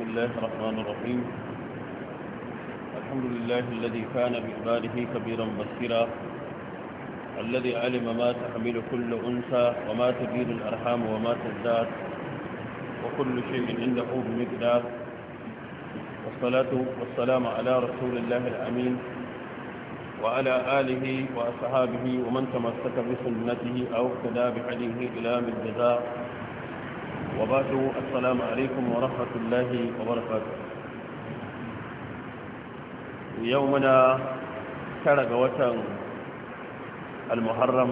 بسم الله الرحمن الرحيم الحمد لله الذي كان بعباده كبيرا بصيرا الذي علم ما تحمل كل أنثى وما تبين الأرحام وما تزداد وكل شيء عنده بمقدار والصلاة والسلام على رسول الله الأمين وعلى آله وأصحابه ومن تمسك بسنته أو اقتدى بحديه إلى من جزاء وبعد السلام عليكم ورحمة الله وبركاته يومنا كرق وطن المحرم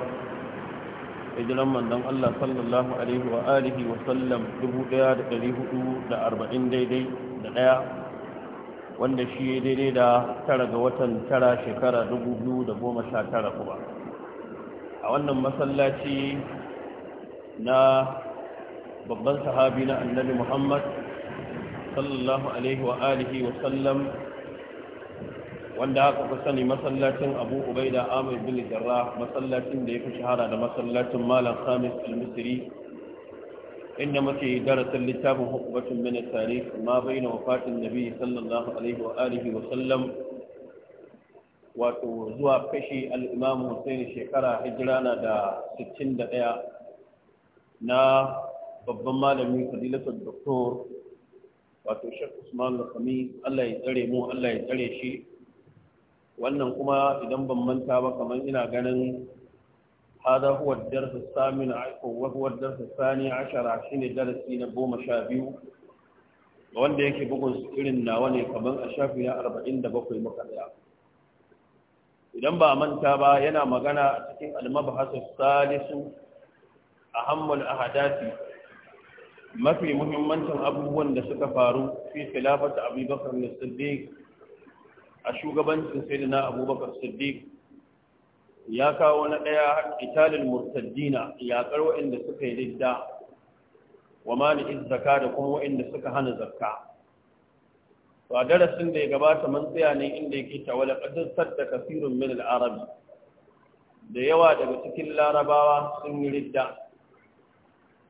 ijiran mandan Allah sallallahu Alaihi wa alihi wa sallam 1440 daidai da ɗaya wanda shi daidai da tara ga watan tara shekara 2019 kuma a wannan masallaci na babban sahabi na annabi muhammad sallallahu alaihi wa alihi wa sallam wanda haka fi sani masallacin abu ubaida amir bin jarrah masallacin da ya fi shahara da masallacin malam khamis al-misri inda muke darasin littafin hukumatun min tarikh ma baina wafatin nabi sallallahu alaihi wa alihi wa sallam wato zuwa kashi al-imam husaini shekara hijira na da 61 na babban malami fadilatul doktor wato shek usman al Allah ya tsare mu Allah ya tsare shi wannan kuma idan ban manta ba kamar ina ganin hada huwa darsu samin aiko wa huwa sani ashara shine darasi na goma sha biyu wanda yake bugun su irin nawa ne kamar a shafi na arba'in da bakwai muka tsaya idan ba manta ba yana magana a cikin almabhasu salisu a hammul ahadati mafi muhimmancin abubuwan da suka faru fi khilafat abubakar na siddiq a shugabancin sayyidina abubakar siddiq ya kawo na ɗaya italin murtaddina yaƙar waɗanda suka yi ridda, wa mani'in zakka da kuma waɗanda suka hana zakka to a darasin da ya gabata mun tsaya ne inda yake ta wala qadar sadda kasirun min al-arabi da yawa daga cikin larabawa sun yi ridda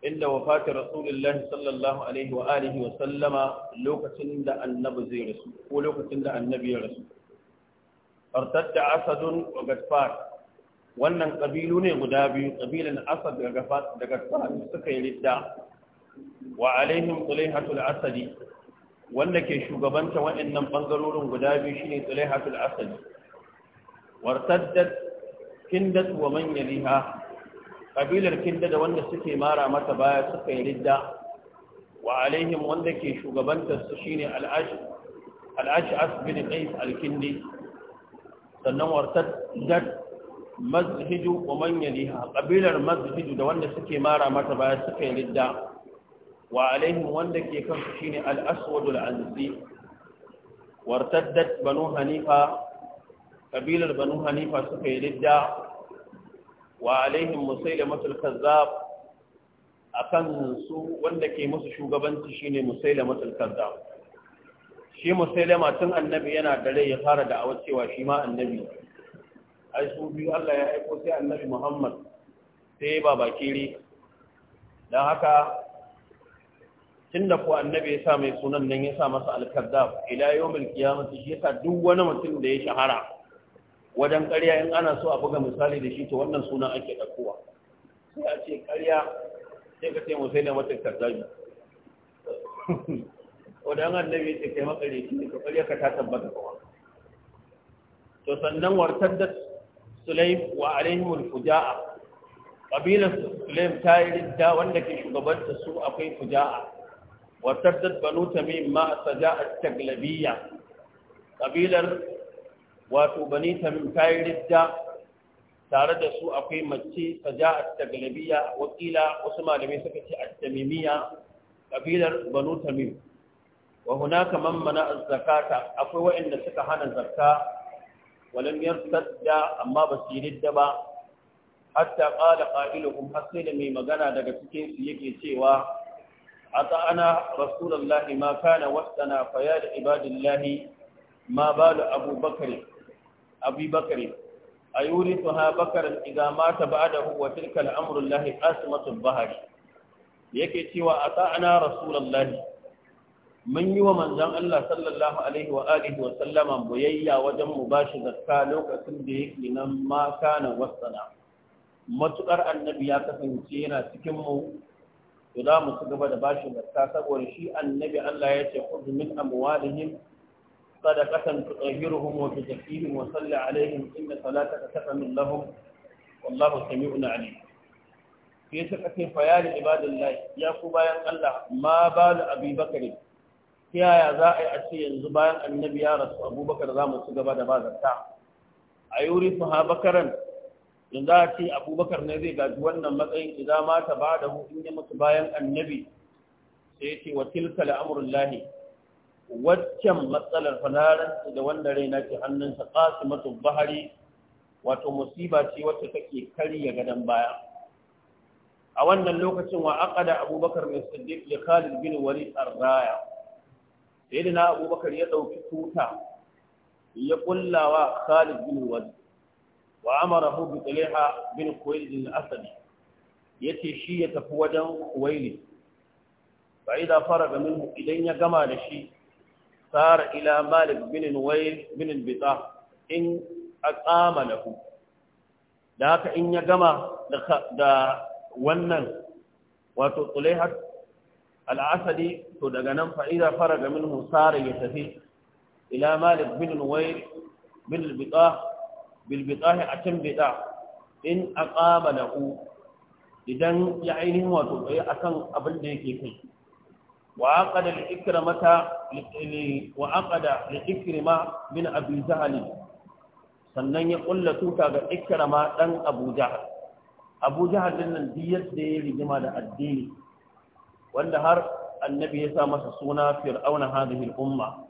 inda wafata rasulullahi sallallahu alaihi wa alihi wa sallama lokacin da annabi zai rasu ko lokacin da annabi ya rasu fartatta asadun wa gadfar wannan kabilu ne guda biyu kabilan asad da gadfar da gadfar suka yi ridda wa alaihim tulaihatul asadi wanda ke shugabanta waɗannan bangarorin guda biyu shine tulaihatul asadi wartaddat kindat wa man yaliha kabilar kinda da wanda suke mara mata baya suka yi ridda wa alaihim wanda ke shugabantar su shine al'ashi asbin qais al-kindi sannan wartaddat mazhiju wa man liha. kabilar mazhiju da wanda suke mara mata baya suka yi ridda wa alaihim wanda ke kan su shine al-aswad al-anzi wartaddat banu hanifa kabilar banu hanifa suka yi ridda wa alaihim musailamatul kazzab akan su wanda ke musu shugabanci shine musailamatul kazzab shi musailama tun annabi yana da rai ya fara da awa cewa shi ma annabi ai su biyu Allah ya aiko sai annabi Muhammad sai baba kiri dan haka tunda ko annabi ya sa mai sunan nan ya sa masa al-kazzab ila yawmil qiyamah shi yasa duk wani mutum da ya shahara wajen ƙarya in ana so a buga misali da shi to wannan sunan ake ɗaukowa sai a ce ƙarya sai ka ce sai da mata karzabi wadan annabi taimaka kai shi ne ka ƙarya ka ta tabbata kawa to sannan wartar da sulaim wa alaihimul fuja'a ƙabilar sulaim ta yi ridda wanda ke shugabanta su akwai fuja'a wartar da banu tamim ma saja'at taglabiya ƙabilar wato bani tamim ta yi ridda tare da su akwai mace saja'at ta galabiya wakila wasu malamai suka ce at-tamimiyya kabilar banu tamim wa hunaka man mana zakata akwai waɗanda suka hana zakka walam yartadda amma ba su ridda ba hatta qala qailuhum hasina mai magana daga cikin su yake cewa أطعنا رسول الله ma كان وسطنا فيا لعباد الله ma بال أبو abi bakari a yuri su ha bakarin iga mata ba da huwa tilka al'amurin lahi asimatun bahari yake cewa a sa'ana rasulallahi mun yi wa manzan Allah sallallahu alaihi wa alihi wa sallama boyayya wajen mu ba shi zakka lokacin da yake nan ma kana wasana matukar annabi ya kasance yana cikin mu to za mu ci da ba shi zakka saboda shi annabi Allah ya ce khudh min amwalihim صدقة تطهرهم وتزكيهم وصل عليهم إن صلاتك سكن لهم والله سميع عليم في سكة فيا لعباد الله يا كوبايا الله ما بال أبي بكر يا يا زائع الشيء زبان النبي يا رسول أبو بكر زام السجبة بعد الساعة أيورثها بكرا in za a ce abubakar ne zai gaji wannan matsayin idan mata ba da hu in yi mutu bayan annabi sai ce wa tilka al'amurin lahi waccan matsalar falaran da wanda raina ke hannunsa qasimatu bahari wato musiba ce wacce take karya gadon baya a wannan lokacin wa da abubakar mai siddiq ya khalid bin tsarraya. ar da na abubakar ya ɗauki tuta ya ƙulla wa khalid bin walid wa amarahu bi talha bin khuwaylid asali ya ce shi ya tafi wajen khuwaylid fa fara faraga minhu idan ya gama da shi sar ila malik bin wai bin bita in aqama lahu da haka in ya gama da wannan wato tulaihat al to daga nan fa idza faraga minhu ya tafi ila malik bin wai idan ya ainihin wato tsaye akan abin da yake kai wa aqada al mata? وعقد لإكرمة من أبي جهل sannan ya ƙulla tuta ga ikirama ɗan abu jahal abu jahal ɗin nan biyar da ya rigima da addini wanda har annabi ya sa masa suna fir'auna hadhihi umma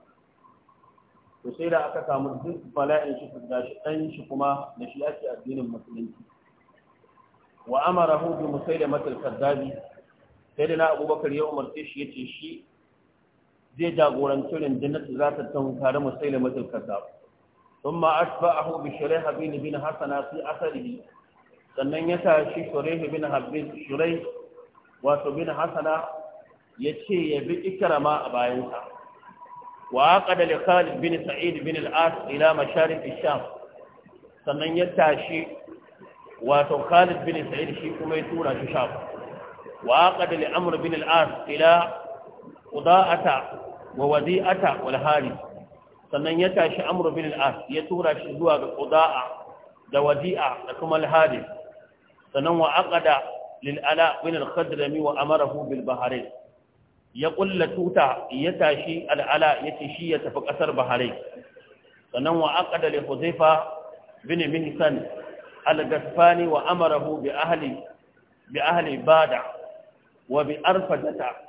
to sai da aka samu duk bala'in shi da shi shi kuma da shi ake addinin musulunci wa amarahu da musailamatil kaddabi sai da na abubakar ya umarce shi ce shi zai jagoranci rundunar da za ta tunkari musailin mutul kasab ثم أتبعه بشريح بن بن حسن في أثره sannan ya tashi shirai bin Habin shirai wato bin hasana ya ce ya bi ikirama a bayansa wa aqada li khalid bin sa'id bin al-as ila masharif sham sannan ya tashi wato khalid bin sa'id shi kuma ya tura shi sham wa aqada li amr bin al-as ila quda'ata wa wadi'ata wal haris sannan ya tashi amru bin al ya tura shi zuwa ga quda'a da wadi'a da kuma al sannan wa aqada lil ala bin al khadrami wa amarahu bil bahrain ya kulla tuta ya tashi al'ala ala ya shi ya tafi ƙasar baharai. sannan wa aqada li huzaifa bin mihsan al gasfani wa amarahu bi ahli bi ahli bada wa bi arfadata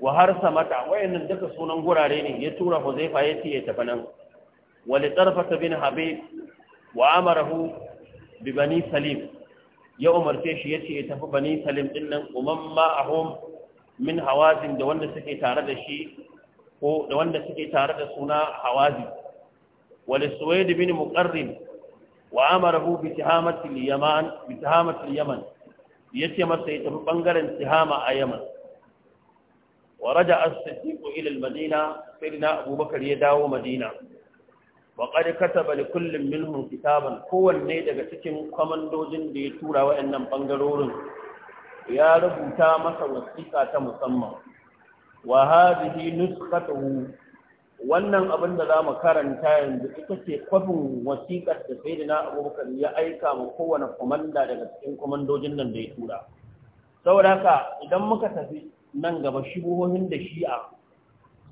wa har samata wayannan duka sunan gurare ne ya tura huzaifa ya ce ya tafi nan wa li tarfata bin habib wa amarahu bi bani salim ya umarce shi ya ce ya tafi bani salim din nan umman ma'ahum min hawazin da wanda suke tare da shi ko da wanda suke tare da suna hawazi wa li suwaid bin muqarrim wa amarahu bi tihamati al-yaman bi tihamati al-yaman yace masa ya tafi bangaren tihama a yaman ورجع الصديق إلى المدينة سيدنا أبو بكر يداو مدينة وقد كتب لكل منهم كتابا هو النيدة تكن كمن دوجن دي تورا وإنم بنجرور يا رب تامس وسيكة مسمى وهذه نسخته wannan abin da za mu karanta yanzu ita ce kwafin wasiƙar da sai na abubakar ya aika ma kowane kwamanda daga cikin kwamandojin nan da ya tura saboda haka idan muka tafi nan gaba shubuhohin da shi'a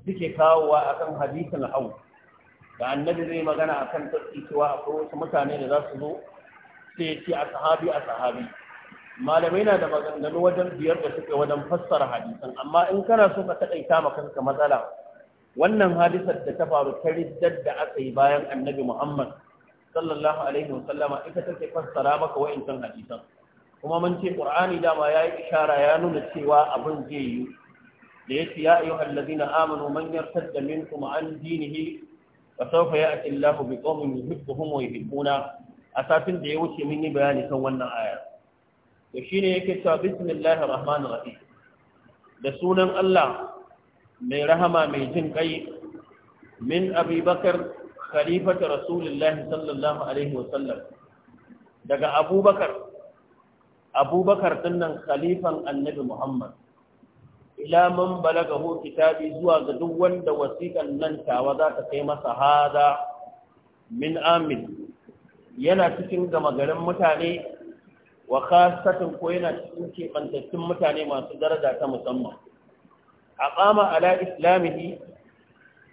suke kawowa akan hadisin hau da annabi zai magana akan tsarki a akwai wasu mutane da za su zo sai ce a sahabi a sahabi malamai na da maganganu wajen biyar da suke wajen fassara hadisan amma in kana so ka taɗaita ma matsala wannan hadisar da ta faru ta riddar da aka yi bayan annabi muhammad sallallahu alaihi wasallama ita take fassara maka wa'incan hadisan kuma mun ce qur'ani dama ya yi ishara ya nuna cewa abin zai yi da ya ci, ya ayyuhal ladina amanu man yartadda minkum an dinihi fa sawfa ya'ti Allahu bi qaumin yuhibbuhum wa yuhibbuna a satin da ya wuce mun yi bayani kan wannan aya to shine yake cewa bismillahir rahmanir rahim da sunan Allah mai rahama mai jin kai min abi bakar khalifatu rasulillahi sallallahu alaihi wa sallam daga abubakar abubakar dinnan khalifan annabi muhammad ila man balagahu kitabi zuwa ga duk wanda wasiƙan nan tawa za ta kai masa hada min amin yana cikin gama garin mutane wa khasatin ko yana cikin keɓantattun mutane masu daraja ta musamman a ƙama ala islamihi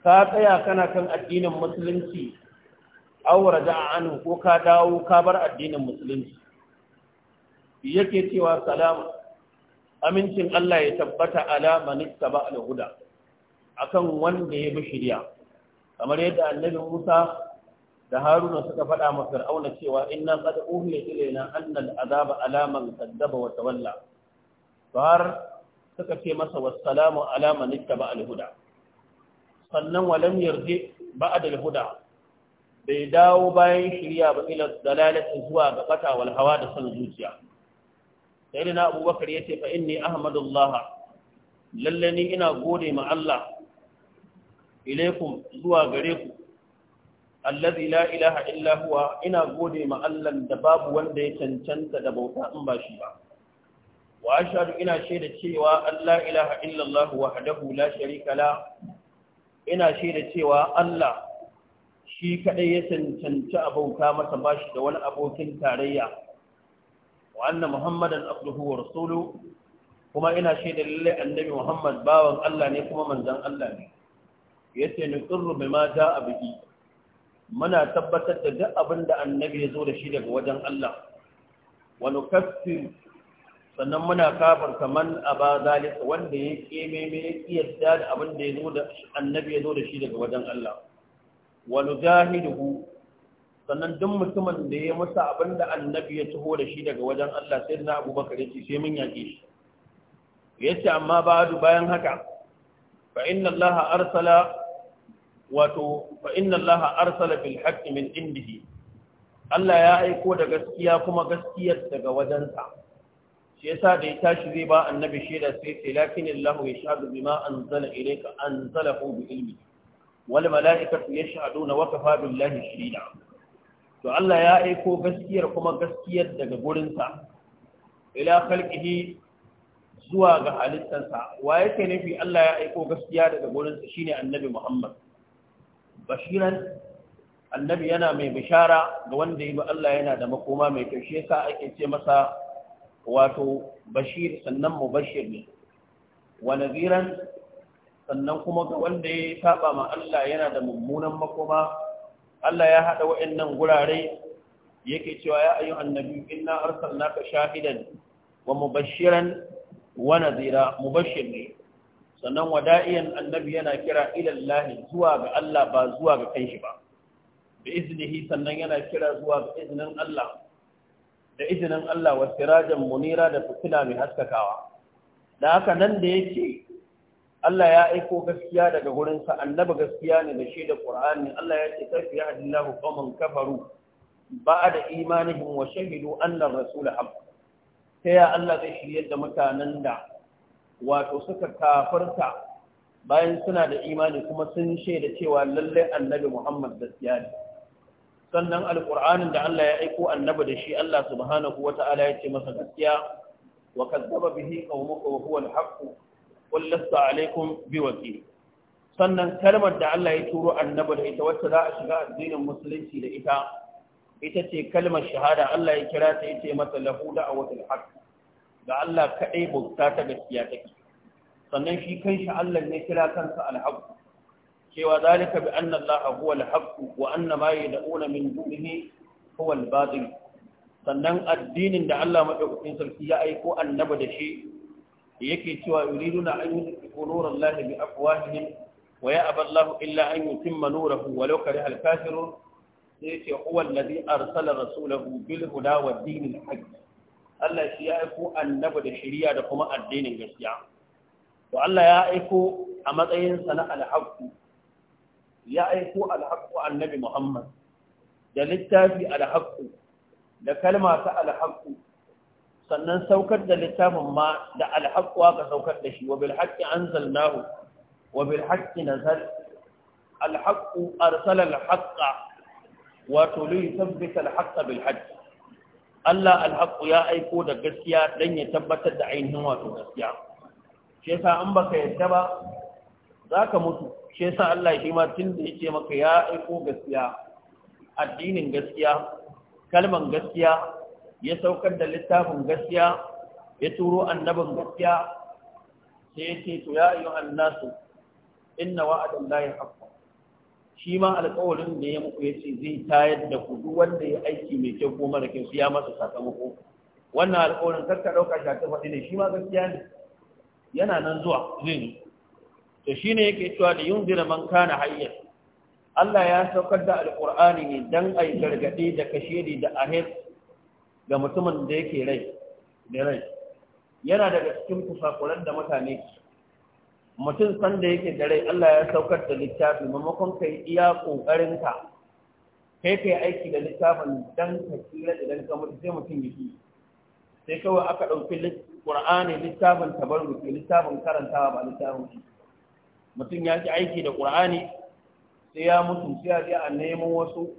ka tsaya kana kan addinin musulunci aure da anu ko ka dawo ka bar addinin musulunci yake cewa salama amincin Allah ya tabbata ala manista al-huda akan wanda ya bi shirya kamar yadda annabi Musa da Haruna suka faɗa ma Fir'auna cewa inna qad uhiya ilayna anna al-azaba ala man kaddaba wa tawalla har suka ce masa wassalamu ala man al-huda sannan walam yarji ba'd al-huda bai dawo bayan shirya ba ila dalalati zuwa ga fata wal hawa da san zuciya sai na abubakar ya ce fa inni ahmadullah lalle ni ina gode ma Allah ilaikum zuwa gare ku allazi la ilaha illa huwa ina gode ma Allah da babu wanda ya cancanta da bauta in ba shi ba wa ashhadu ina shaida cewa Allah ilaha illa Allah wahdahu la sharika la ina shaida cewa Allah shi kadai ya cancanci abauta masa bashi da wani abokin tarayya wa anna muhammadan abduhu wa rasuluhu kuma ina shaida lalle annabi muhammad bawan Allah ne kuma manzan Allah ne yace ni qurru bima jaa biki muna tabbatar da duk abin da annabi ya zo da shi daga wajen Allah wa nukaffir sannan muna kafarta man aba zalika wanda ya keme me ya da abin ya zo da annabi ya zo da shi daga wajen Allah wa nujahiduhu sannan duk mutumin da ya musa abin da annabi ya taho da shi daga wajen Allah sai na abubakar ya ce sai mun yaƙe shi ya ce amma ba'adu bayan haka fa inna arsala wato fa inna Allah arsala bil min indihi Allah ya aiko da gaskiya kuma gaskiyar daga wajensa shi yasa da ya tashi zai ba annabi shaida sai sai lakin Allah ya shahadu bima anzala ilayka anzalahu bi ilmi wal malaikatu yashhaduna wa kafa billahi shahida to Allah ya aiko gaskiyar kuma gaskiyar daga gurinsa ila khalqihi zuwa ga halittarsa wa yake nufi Allah ya aiko gaskiya daga gurinsa shine annabi Muhammad bashiran annabi yana mai bishara ga wanda yi ba Allah yana da makoma mai kyau shi yasa ake ce masa wato bashir sannan mubashir ne wa naziran sannan kuma ga wanda ya saba ma Allah yana da mummunan makoma Allah ya haɗa wa'annan gurare yake cewa ya ayyu annabi inna arsalnaka shahidan wa mubashiran wa nadhira mubashir ne sannan wada'iyan annabi yana kira ila Allah zuwa ga Allah ba zuwa ga kanshi ba bi iznihi sannan yana kira zuwa ga iznin Allah da izinin Allah wa sirajan munira da fitila mai haskakawa da haka nan da yake Allah ya aiko gaskiya daga gurinsa annabi gaskiya ne da shi da Qur'ani Allah ya ce kafi ya Allahu qaman kafaru da imanihim wa shahidu anna ar-rasula haqq ta Allah zai shiryar da mutanen da wato suka kafarta bayan suna da imani kuma sun shaida cewa lalle annabi Muhammad gaskiya ne sannan alqur'anin da Allah ya aiko annabi da shi Allah subhanahu wata'ala ya ce masa gaskiya wa kadzaba bihi qaumuka wa huwa al-haqq kullasta alaikum bi sannan kalmar da Allah ya turo annabi da ita wacce za a shiga addinin musulunci da ita ita ce kalmar shahada Allah ya kira ta yace mata lahu da'watul haqq ga Allah kadai bauta ta gaskiya take sannan shi kanshi Allah ne kira kansa al-haqq cewa zalika bi anna Allah huwa al-haqq wa anna ma yad'una min dunihi huwa al-batil sannan addinin da Allah madaukakin sarki ya aiko annabi da shi yake cewa yuriduna an yi yutfiqu nurallahi bi afwahihim wa ya'ba Allahu illa an yutimma nurahu walau kariha al-kafirun sai yace huwa alladhi arsala rasulahu bil huda wa dinil haqq Allah shi ya aiko annabi da shari'a da kuma addinin gaskiya to Allah ya aiko a matsayin sa na al-haqq ya aiko al-haqq annabi Muhammad da littafi al-haqq da kalma ta al-haqq sannan saukar da littafin ma da alhaƙwa ka saukar da shi wa bil haqqi anzalnahu wa bil haqqi nazal alhaqqu arsala alhaqqa wato li yuthabbita alhaqqa bil Allah alhaƙu ya aiko da gaskiya don ya tabbatar da ainihin wato gaskiya shi yasa an baka yadda ba za ka mutu shi yasa Allah shi ma tun da ya ce maka ya aiko gaskiya addinin gaskiya kalman gaskiya ya saukar da littafin gaskiya ya turo annabin gaskiya sai ya ce to ya ayyuhan nasu inna wa'adan lahi haqqan shi ma alƙawarin da ya muku yace zai tayar da ku duk wanda ya aiki mai kyau ko mara kyau sai ya masa sakamako wannan alƙawarin karka dauka shi ta faɗi ne shi ma gaskiya ne yana nan zuwa zai zo to shine yake cewa da yunzira man kana hayyan Allah ya saukar da alƙur'ani ne dan ai gargade da kashedi da ahir ga mutumin da yake rai da rai yana daga cikin kusakuran da mutane mutum sanda yake da rai Allah ya saukar da littafi maimakon kai iya kokarin ka kai kai aiki da littafin dan ka tsira idan ka mutu sai mutum yake sai kawai aka ɗauki Qur'ani littafin tabarruki littafin karantawa ba littafin shi mutum ya ci aiki da Qur'ani sai ya mutu sai ya je a neman wasu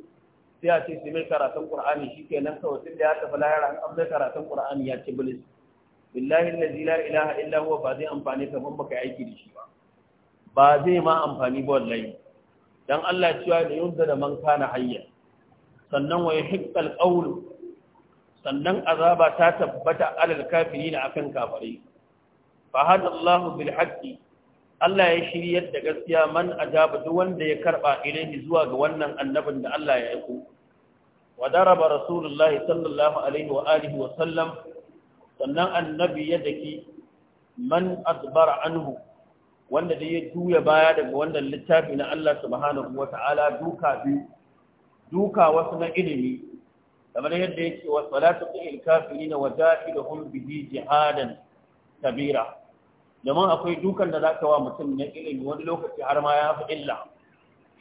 sai a ce sai mai karatun qur'ani shikenan kawai tunda ya tafi lahira an mai karatun qur'ani ya ci bilis billahi allazi la ilaha illa huwa ba zai amfani ka ban baka aiki da shi ba ba zai ma amfani ba wallahi dan Allah cewa da yunda da man kana hayya sannan wa yahiqqal qawlu sannan azaba ta tabbata alal kafirin akan kafirai fa hadallahu bil haqqi Allah ya shiryar da gaskiya man ajaba duk wanda ya karba ilaihi zuwa ga wannan annabin da Allah ya aiko wa daraba rasulullah sallallahu alaihi wa alihi wa sallam sannan annabi ya daki man asbara anhu wanda da ya juya baya daga wannan littafi na Allah subhanahu wa ta'ala duka biyu duka wasu na ilimi kamar yadda yake wa salatu lil kafirin wa jahidahum bihi jihadan kabira domin akwai dukan da zaka wa mutum na ilimi wani lokaci har ma ya fi illa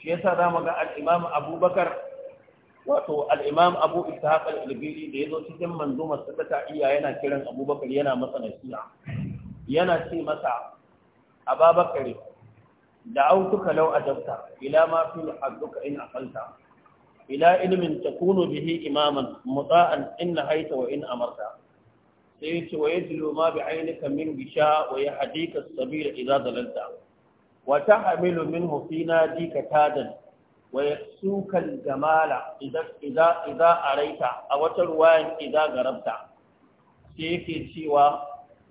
shi yasa za mu ga al abubakar wato Al'imam abu ishaq al-ilbiri da zo cikin manzumar sa ta iya yana kiran abubakar yana masa nasiha yana ce masa ababakar lau a dabta, ila ma fi hadduka in aqalta ila ta takunu bihi imaman mutsa'an in nahaita wa in amarta sai ya ce wa ya tilo ma bi ainihin min bisha wa ya hadika sabila da dalalta wa tahmilu min hufina dika tadan wa yasuka al-jamala iza a raita a wata ruwayan idza garabta sai yake cewa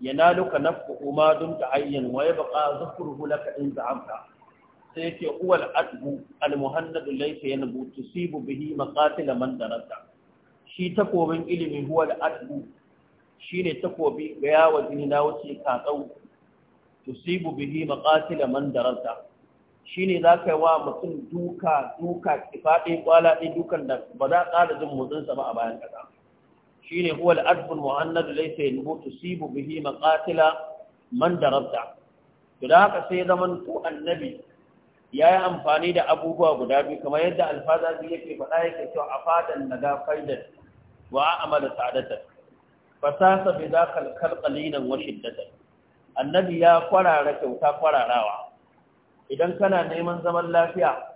yanaluka kuma don ta ta'ayyan wa yabqa zikruhu ka in za'amta sai yake uwal adbu al-muhannad laysa yanbu tusibu bihi maqatil man darata shi takobin ilimi huwa al-adbu shine takobi ga yawa jini na wuce katsau tusibu bihi maqatila man daranta shine zaka yi wa mutum duka duka kifade kwala ɗin dukan da ba za ƙara jin motsin sa ba a bayan kaza shine huwa al-adb al-mu'annad laysa yanbu tusibu bihi maqatila man daranta to da haka sai zaman ku annabi ya yi amfani da abubuwa guda biyu kamar yadda alfaza biyu yake faɗa yake cewa a fadan na gafar da wa amala tsadatar fasasa bi zakal kalqalinan wa shiddatan annabi ya kwarara kyauta kwararawa idan kana neman zaman lafiya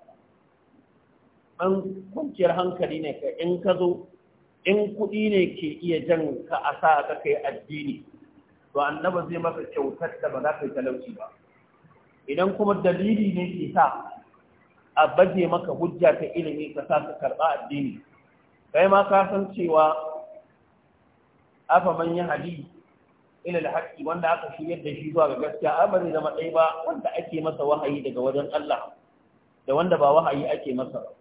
an kwanciyar hankali ne ka in ka zo in kuɗi ne ke iya jan ka a sa ka kai addini to annaba zai maka kyautar da ba za ka yi talauci ba idan kuma dalili ne ke sa a baje maka hujja ta ilimi ka sa ka karɓa addini kai ma ka san cewa afa man ya hadi ila alhaqi wanda aka shiryar da shi zuwa ga gaskiya amari zama ɗaya ba wanda ake masa wahayi daga wajen Allah da wanda ba wahayi ake masa ba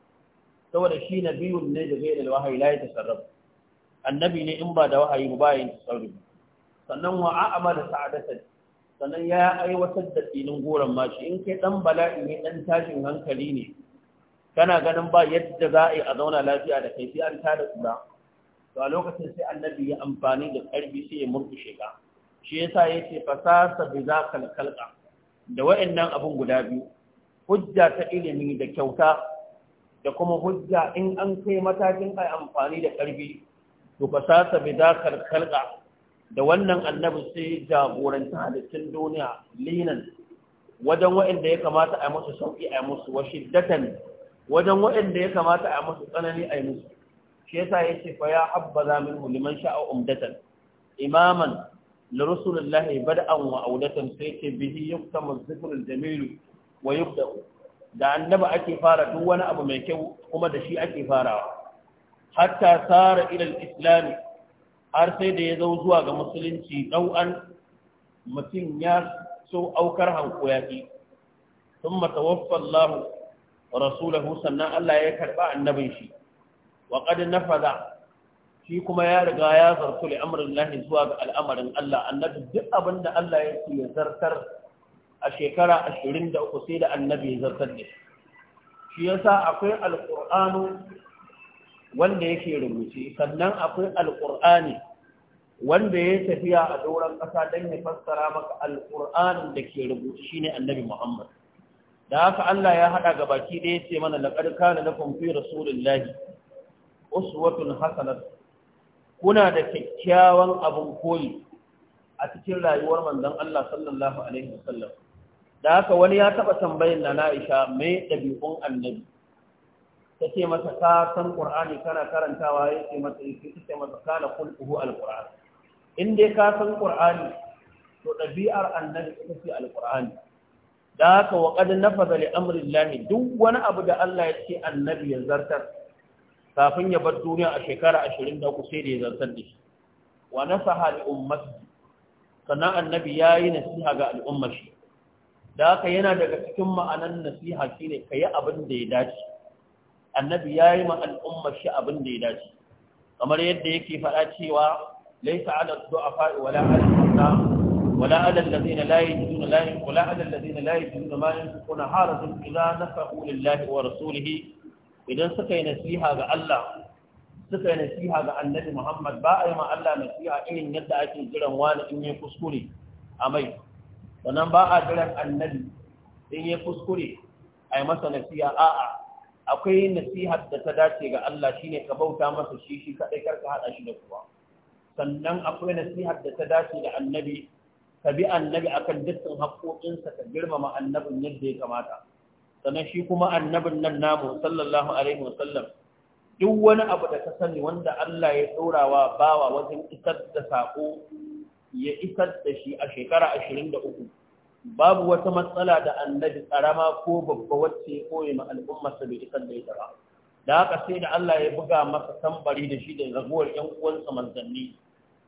saboda shi nabiyun ne da zai da wahayi layi ya tasarrafa annabi ne in ba da wahayi ba ya tasarrufi sannan wa a'ama da sa'adatan sannan ya aiwatar da tsinin goron mashi in kai dan bala'i ne dan tashin hankali ne kana ganin ba yadda za a yi a zauna lafiya da kai sai an tada kura to a lokacin sai annabi ya amfani da ƙarfi sai ya murkushe ka shi yasa yace fasasa bi zakal kalqa da wayannan abun guda biyu hujja ta ilimi da kyauta da kuma hujja in an kai matakin ai amfani da ƙarfi to fasasa bi zakal kalqa da wannan annabi sai da halittun duniya linan wajen waɗanda ya kamata a yi musu sauƙi a yi musu wa shiddatan wajen waɗanda ya kamata a yi musu tsanani a yi musu shi ya ce fa ya habbaza min liman sha'a umdatan imaman li rasulillahi bad'an wa audatan sai ke bihi yuktamu dhikrul jamil wa yubda'u da annabi ake fara duk wani abu mai kyau kuma da shi ake farawa hatta sara ila islami, har sai da ya zo zuwa ga musulunci dau'an mutum ya so aukar hanko yaki ثم توفى الله rasulahu sannan Allah ya karba annabin shi wa qad nafada shi kuma ya riga ya zartu li amrin lahi zuwa ga al'amarin Allah annabi duk abinda Allah ya ce ya zartar a shekara 23 sai da annabi ya zartar da shi yasa akwai alqur'anu wanda yake rubuce sannan akwai alqur'ani wanda ya tafiya a doron ƙasa don ya fassara maka alƙur'anin da ke rubutu shi ne annabi Muhammad. Da haka Allah ya haɗa ga baki da ya ce mana laƙar kana na kumfi Rasulullahi uswatun hasanat kuna da kyakkyawan abin koyi a cikin rayuwar manzon Allah sallallahu alaihi wasallam da haka wani ya taba tambayin na Aisha me dabi'un annabi tace masa ka san Qur'ani kana karantawa yace masa yace tace masa kana qulhu al in dai ka san Qur'ani to dabi'ar annabi ita ce al da haka wa qad nafaza li amri llahi duk wani abu da Allah ya annabi ya zartar kafin ya bar duniya a shekara ashirin da uku sai da ya zartar da shi wa nasaha li ummati sannan annabi ya yi nasiha ga al'ummar shi da haka yana daga cikin ma'anan nasiha shi ne ka yi abin da ya dace annabi ya yi ma al'ummar shi abin da ya dace kamar yadda yake faɗa cewa laisa ala du'afa wala ala al-fuqara wala ala alladhina la yajiduna la wala ala alladhina la yajiduna ma yunfiquna harajun idza nafahu lillahi wa rasulihi idan suka yi nasiha ga Allah suka yi nasiha ga annabi Muhammad ba a yi ma Allah nasiha irin yadda ake jiran wani in yi kuskure a mai sannan ba a jiran annabi in yi kuskure a yi masa nasiha a'a akwai nasiha da ta dace ga Allah shine ka bauta masa shi shi kadai karka hada shi da kuwa. sannan akwai nasihar da ta dace da annabi ka bi annabi akan dukkan haƙoƙinsa ka girmama annabin yadda ya kamata sannan shi kuma annabin nan namu sallallahu alaihi wasallam duk wani abu da ka sani wanda Allah ya ɗorawa bawa wajen isar da saƙo ya isar da shi a shekara ashirin da uku babu wata matsala da annabi ƙarama ko babba wacce ya koyi ma al'ummarsa bai isar da ita ba da haka sai da Allah ya buga masa tambari da shi da raguwar ‘yan uwansa manzanni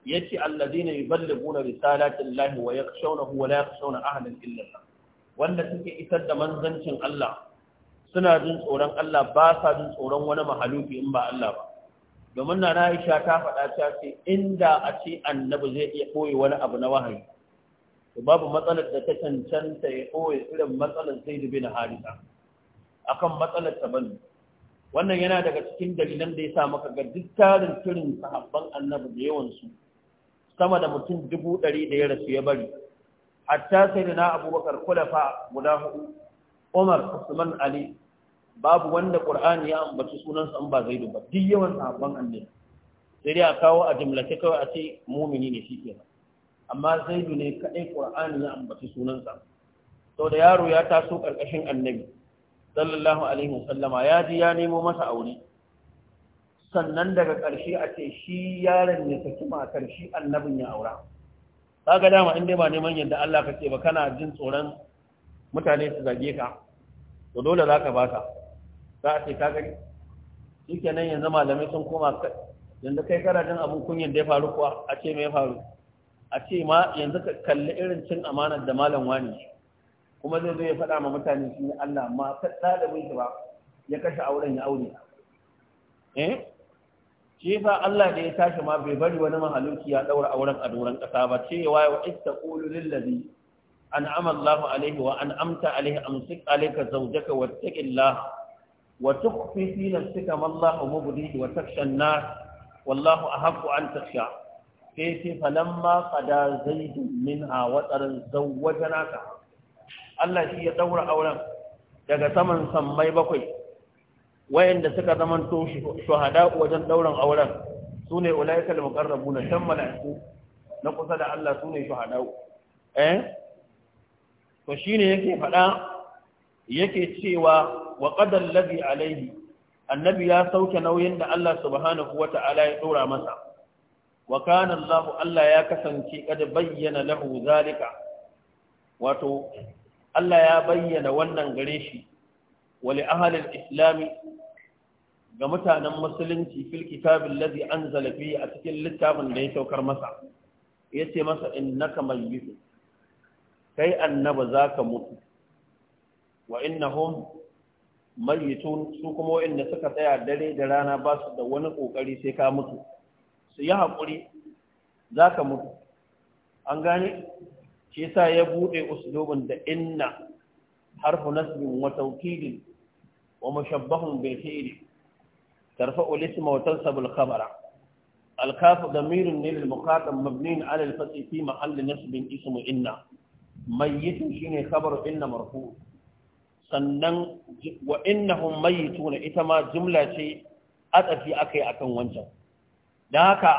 ya ce allazi ne ballagu na risalatin lahi wa ya shauna la shauna ahalin illallah wanda suke isar da manzancin Allah suna jin tsoron Allah ba sa jin tsoron wani mahalufi in ba Allah ba domin na Aisha ta faɗa ta ce inda a ce annabi zai iya ɓoye wani abu na wahayi to babu matsalar da ta cancanta ya ɓoye irin matsalar sai da bin harisa akan matsalar ta bane wannan yana daga cikin dalilan da ya sa maka ga duk tarin kirin sahabban annabi da yawansu sama da mutum dubu ɗari da ya rasu ya bari hatta da na abubakar kulafa guda hudu umar usman ali babu wanda ƙur'ani ya ambaci sunansa in ba zaidu ba duk yawan sahabban annabi sai dai a kawo a jumlace kawai a ce mumini ne shi kenan amma zaidu ne kadai ƙur'ani ya ambaci sunansa sau da yaro ya taso karkashin annabi sallallahu alaihi wasallama ya ji ya nemo masa aure sannan daga ƙarshe a ce shi yaron ya saki matar shi annabin ya aura kaga dama in dai ba neman yadda Allah kake ba kana jin tsoron mutane su zage ka to dole za ka baka za a ce ka gani shi kenan yanzu malamai sun koma yanzu kai kana jin abin kunyar da ya faru kuwa a ce mai faru a ce ma yanzu ka kalli irin cin amanar da malam wani kuma zai zo ya faɗa ma mutane su ne Allah ma ta ɗalibin ba ya kashe auren ya aure eh shi yasa Allah da ya tashi ma bai bari wani mahaluki ya daura auren a doron kasa ba cewa wa istaqulu lil ladhi an'ama Allahu alayhi wa an'amta alayhi amsik alayka zawjaka wattaqillah wa tukhfi fi nafsika ma Allahu mubdihi wa takhsha an-nas wallahu ahaqqu an takhsha sai sai falamma qada zaidun minha wa taran zawwajanaka Allah shi ya daura auren daga saman sammai bakwai wayanda suka to shuhada wajen dauran auren sune ulaikal muqarrabuna shan mala'iku na kusa da Allah sune shuhada eh to shine yake fada yake cewa wa qadal ladhi alayhi annabi ya sauke nauyin da Allah subhanahu wata'ala ya dora masa wa kana Allah Allah ya kasance kada bayyana lahu zalika wato Allah ya bayyana wannan gare shi ahli al islami ga mutanen musulunci fil kitabin ladhi anzala a cikin littafin da ya saukar masa yace masa innaka mayyit kai annaba zaka mutu wa innahum mayyitun su kuma wainda suka tsaya dare da rana ba su da wani kokari sai ka mutu su yi hakuri zaka mutu an gane shi yasa ya buɗe uslubin da inna harfu nasbin wa tawkidin wa mushabbahun bil fi'li ترفع الاسم وتنسب الخبر الكاف ضمير للمخاطب مبني على الفتح في محل نصب اسم إن ميت شين خبر إن مرفوع sannan wa innahum mayituna ita ma jumla ce atafi akai akan wancan Da haka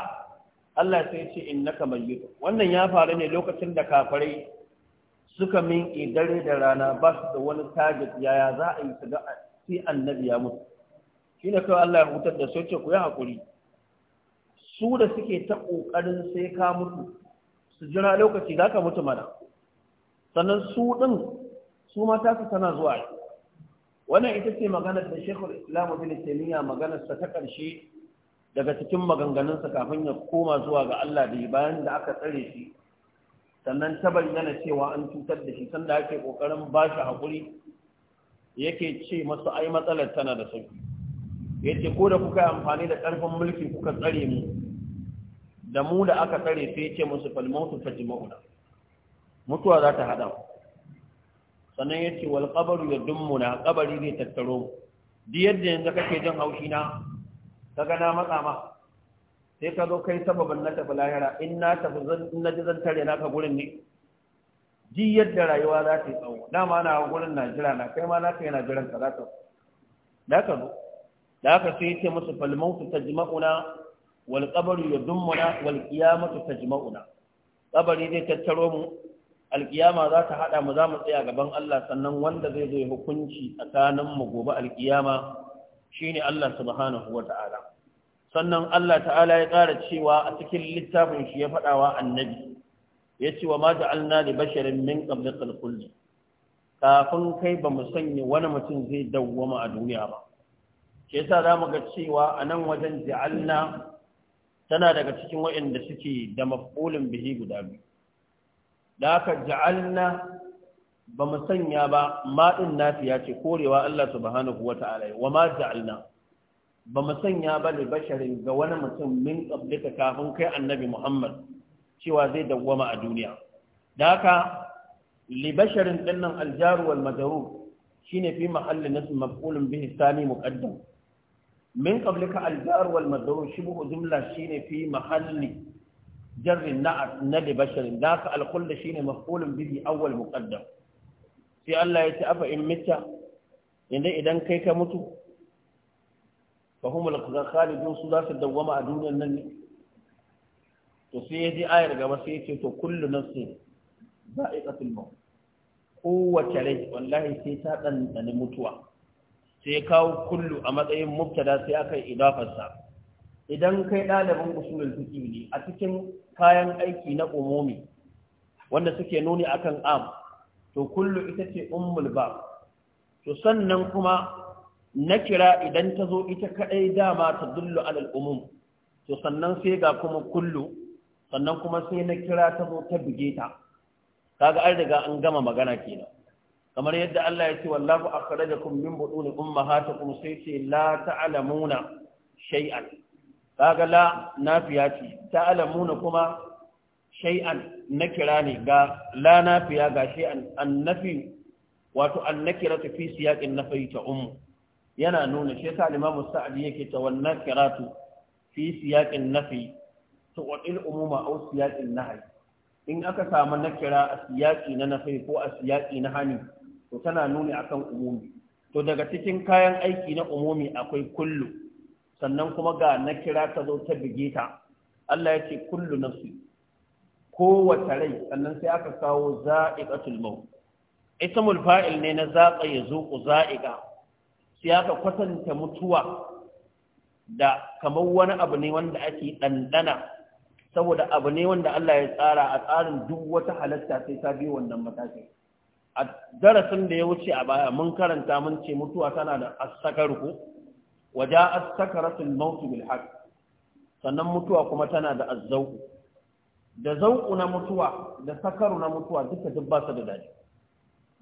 Allah sai ce innaka mayyit wannan ya faru ne lokacin da kafirai suka min dare da rana ba su da wani target yaya za a yi su ga sai annabi ya mutu shi ne kawai Allah ya hutar da su ku yi haƙuri su da suke ta ƙoƙarin sai ka mutu su jira lokaci za ka mutu mana sannan su ɗin su mata su tana zuwa yi wannan ita ce maganar da shekul islam bin taimiyya maganarsa ta ƙarshe daga cikin maganganunsa kafin ya koma zuwa ga Allah da bayan da aka tsare shi sannan ta bayyana cewa an cutar da shi sanda ake ƙoƙarin ba shi haƙuri yake ce masu ai matsalar tana da sauki yace ko da kuka amfani da ƙarfin mulki kuka tsare mu da mu da aka tsare sai yace musu fal mautu fajma'una mutuwa za ta hada sannan yace wal qabru yadummuna qabari zai tattaro mu di yadda yanzu kake jin haushi na kaga na matsa ma sai ka zo kai sababan na tafi lahira in na tafi na ji zan tare naka gurin ne ji yadda rayuwa za ta yi tsawo dama na gurin na jira na kai ma na kai na jiran ka za ta da ka zo da haka sai ya ce musu falmautu tajma'una wal qabru yadummuna wal qiyamatu tajma'una kabari zai tattaro mu alkiyama za ta haɗa mu za mu tsaya gaban Allah sannan wanda zai zo hukunci tsakanin mu gobe alkiyama shine Allah subhanahu ta'ala. sannan Allah ta'ala ya ƙara cewa a cikin littafin shi ya faɗawa annabi ya ce wa ma ja'alna li basharin min qablikal khuld kafin kai ba mu sanya wani mutum zai dawwama a duniya ba Ke sa za mu ga cewa a nan wajen ja'alna tana daga cikin waɗanda suke da maf'ulin bihi guda biyu da aka ja'alna ba mu sanya ba maɗin nafiya ce korewa Allah subhanahu wa ta'ala wa ma ja'alna ba mu sanya ba li basharin ga wani mutum min qablika kafin kai annabi Muhammad cewa zai dawwama a duniya da haka li basharin dinnan aljaru wal majrur shine fi mahalli nasb maf'ulun bihi sani muqaddam min qablika al-jar wal madrur shibhu jumla shine fi mahalli jar na da basharin daka al-kull shine maf'ulun bihi awwal muqaddam sai Allah ya ce afa in mitta inda idan kai ka mutu fa humul khalidun su za su dawwama a duniyar nan sai ya ji ayar gaba sai ya ce to kullu nafsin za'iqatul maut kowace rai wallahi sai ta ɗanɗani mutuwa sai kawo kullu a matsayin mubtada sai aka yi idafarsa idan kai ɗalibin usulul fiqh ne a cikin kayan aiki na umumi wanda suke nuni akan am to kullu ita ce ummul ba to sannan kuma na kira idan ta zo ita kadai dama ta dullu alal umum to sannan sai ga kuma kullu sannan kuma sai na kira ta zo ta buge ta kaga an riga an gama magana kenan kamar yadda Allah ya ce wallahu akhrajakum min buduni ummahatikum sai ce la ta'lamuna shay'an kaga la nafiya ce ta'lamuna kuma shay'an kira ne ga la nafiya ga shay'an annafi wato annakiratu fi siyaqin nafi ta ummu yana nuna shi yasa Imam Sa'di yake ta wannan kiratu fi siyaqin nafi tuqil umuma aw siyaqin nahy in aka samu nakira a siyaqi na nafi ko a siyaqi na hani to tana nuni akan umumi to daga cikin kayan aiki na umumi akwai kullu sannan kuma ga na kira ta zo ta bige ta Allah ya ce kullu nafsi kowace rai sannan sai aka kawo za'iqatul maut ismul fa'il ne na zaqa yazuqu za'iqa sai aka kwatanta mutuwa da kamar wani abu ne wanda ake ɗanɗana saboda abu ne wanda Allah ya tsara a tsarin duk wata halatta sai ta bi wannan matakin a darasin da ya wuce a baya mun karanta mun ce mutuwa tana da asakar ku waje asakaratul maut bil haqq sannan mutuwa kuma tana da az-zawq da zawqu na mutuwa da sakaru na mutuwa duka duk ba su da daji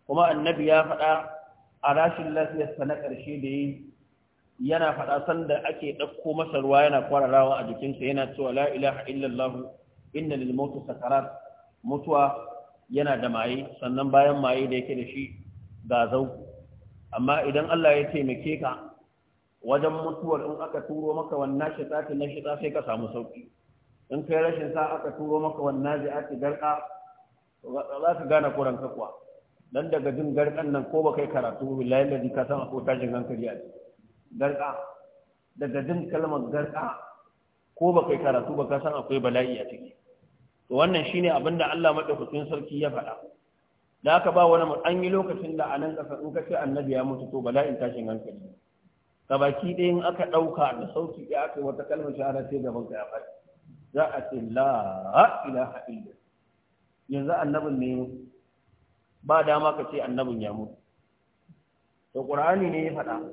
kuma annabi ya faɗa a rashin lafiyarsa na karshe da yi yana faɗa sanda ake ɗauko masa ruwa yana kwararawa a jikinsa yana cewa la ilaha illallah inna lil maut sakarat mutuwa yana da maye sannan bayan maye da yake da shi ga zau, amma idan Allah ya taimake ka wajen mutuwar in aka turo maka wannan shi ta na shi sai ka samu sauki in kai rashin sa aka turo maka wannan zai aka garka za ka gane kuran kakwa dan daga jin garkan nan ko ba kai karatu billahi ladi ka san akwai tashin hankali a garka daga jin kalmar garka ko ba kai karatu ba ka san akwai bala'i a ciki to wannan shine abinda da Allah madaukakin sarki ya faɗa da aka ba wani an yi lokacin da a nan ƙasa in ka ce annabi ya mutu to bala'in tashin hankali ka baki ɗaya in aka ɗauka da sauki ya aka wata kalmar shahada sai gaban ka ya faɗi za a ce la ilaha illa yanzu annabin ne ba dama ka ce annabin ya mutu to qur'ani ne ya faɗa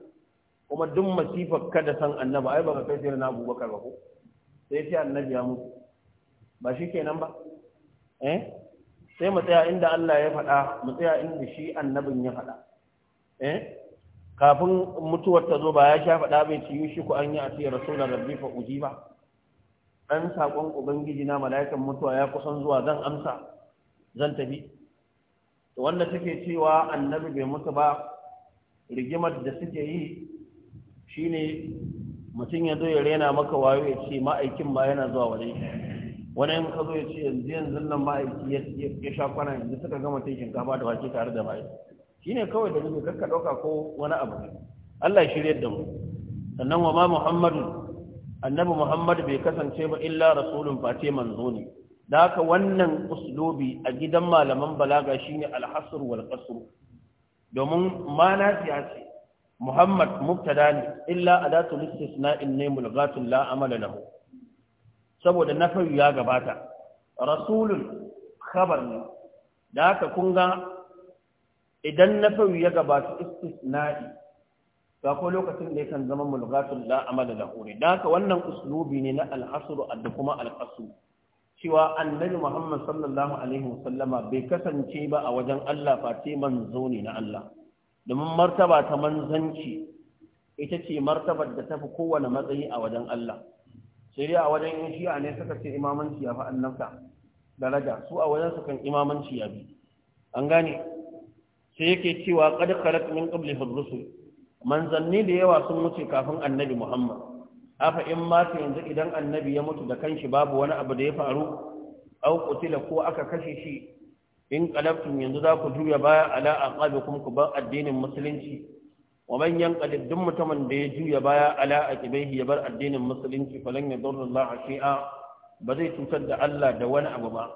kuma duk masifar kada san annabi ai ba ka kai sai na abubakar ba ko sai ce annabi ya mutu ba shi kenan ba eh sai mu tsaya inda Allah ya faɗa mu tsaya inda shi annabin ya faɗa eh kafin mutuwar ta zo ba ya sha faɗa bai ci shi ku an yi a tiyar rasulun rabbi fa uji ba an saƙon ubangiji na mala'ikan mutuwa ya kusan zuwa zan amsa zan tafi wanda take cewa annabi bai mutu ba rigimar da suke yi shine mutum ya zo ya rena maka wayo ya ce ma'aikin ba yana zuwa wajen wani in ka zo ya ce yanzu yanzu nan ma'aiki ya sha kwana yanzu suka gama ta shinkafa da wake tare da bayan shi ne kawai da nufin kakka ɗauka ko wani abu Allah ya shirya da mu sannan wa ma muhammadu annabi muhammadu bai kasance ba illa rasulun face manzo ne da haka wannan uslubi a gidan malaman balaga shine alhasr wal qasr domin ma nafiya ce muhammad mubtada ne illa adatu listisna'in ne mulghatun la amala lahu saboda nafayu ya gabata rasulun khabar ne da haka kun ga idan nafayu ya gabata istisna'i ga ko lokacin da yakan zama mulgatul la amala da hore. da haka wannan uslubi ne na al da kuma al'asu. cewa annabi Muhammad sallallahu alaihi wasallama bai kasance ba a wajen Allah Fati manzo ne na Allah domin martaba ta manzanci ita ce martabar da tafi kowane matsayi a wajen Allah shari'a a wajen yin shi'a ne suka ce imamanci ya fi annabta daraja su a wajen su kan imamanci ya bi an gane sai yake cewa qad khalat min qablihi manzanni da yawa sun mutu kafin annabi Muhammad afa in mata yanzu idan annabi ya mutu da kanshi babu wani abu da ya faru au qutila ko aka kashe shi in qalabtum yanzu za ku juya baya ala aqabikum ku bar addinin musulunci wa manyan yanqalib duk mutumin da ya juya baya ala aqibaihi ya bar addinin musulunci falan yadurru Allah shi'a ba zai cutar da Allah da wani abu ba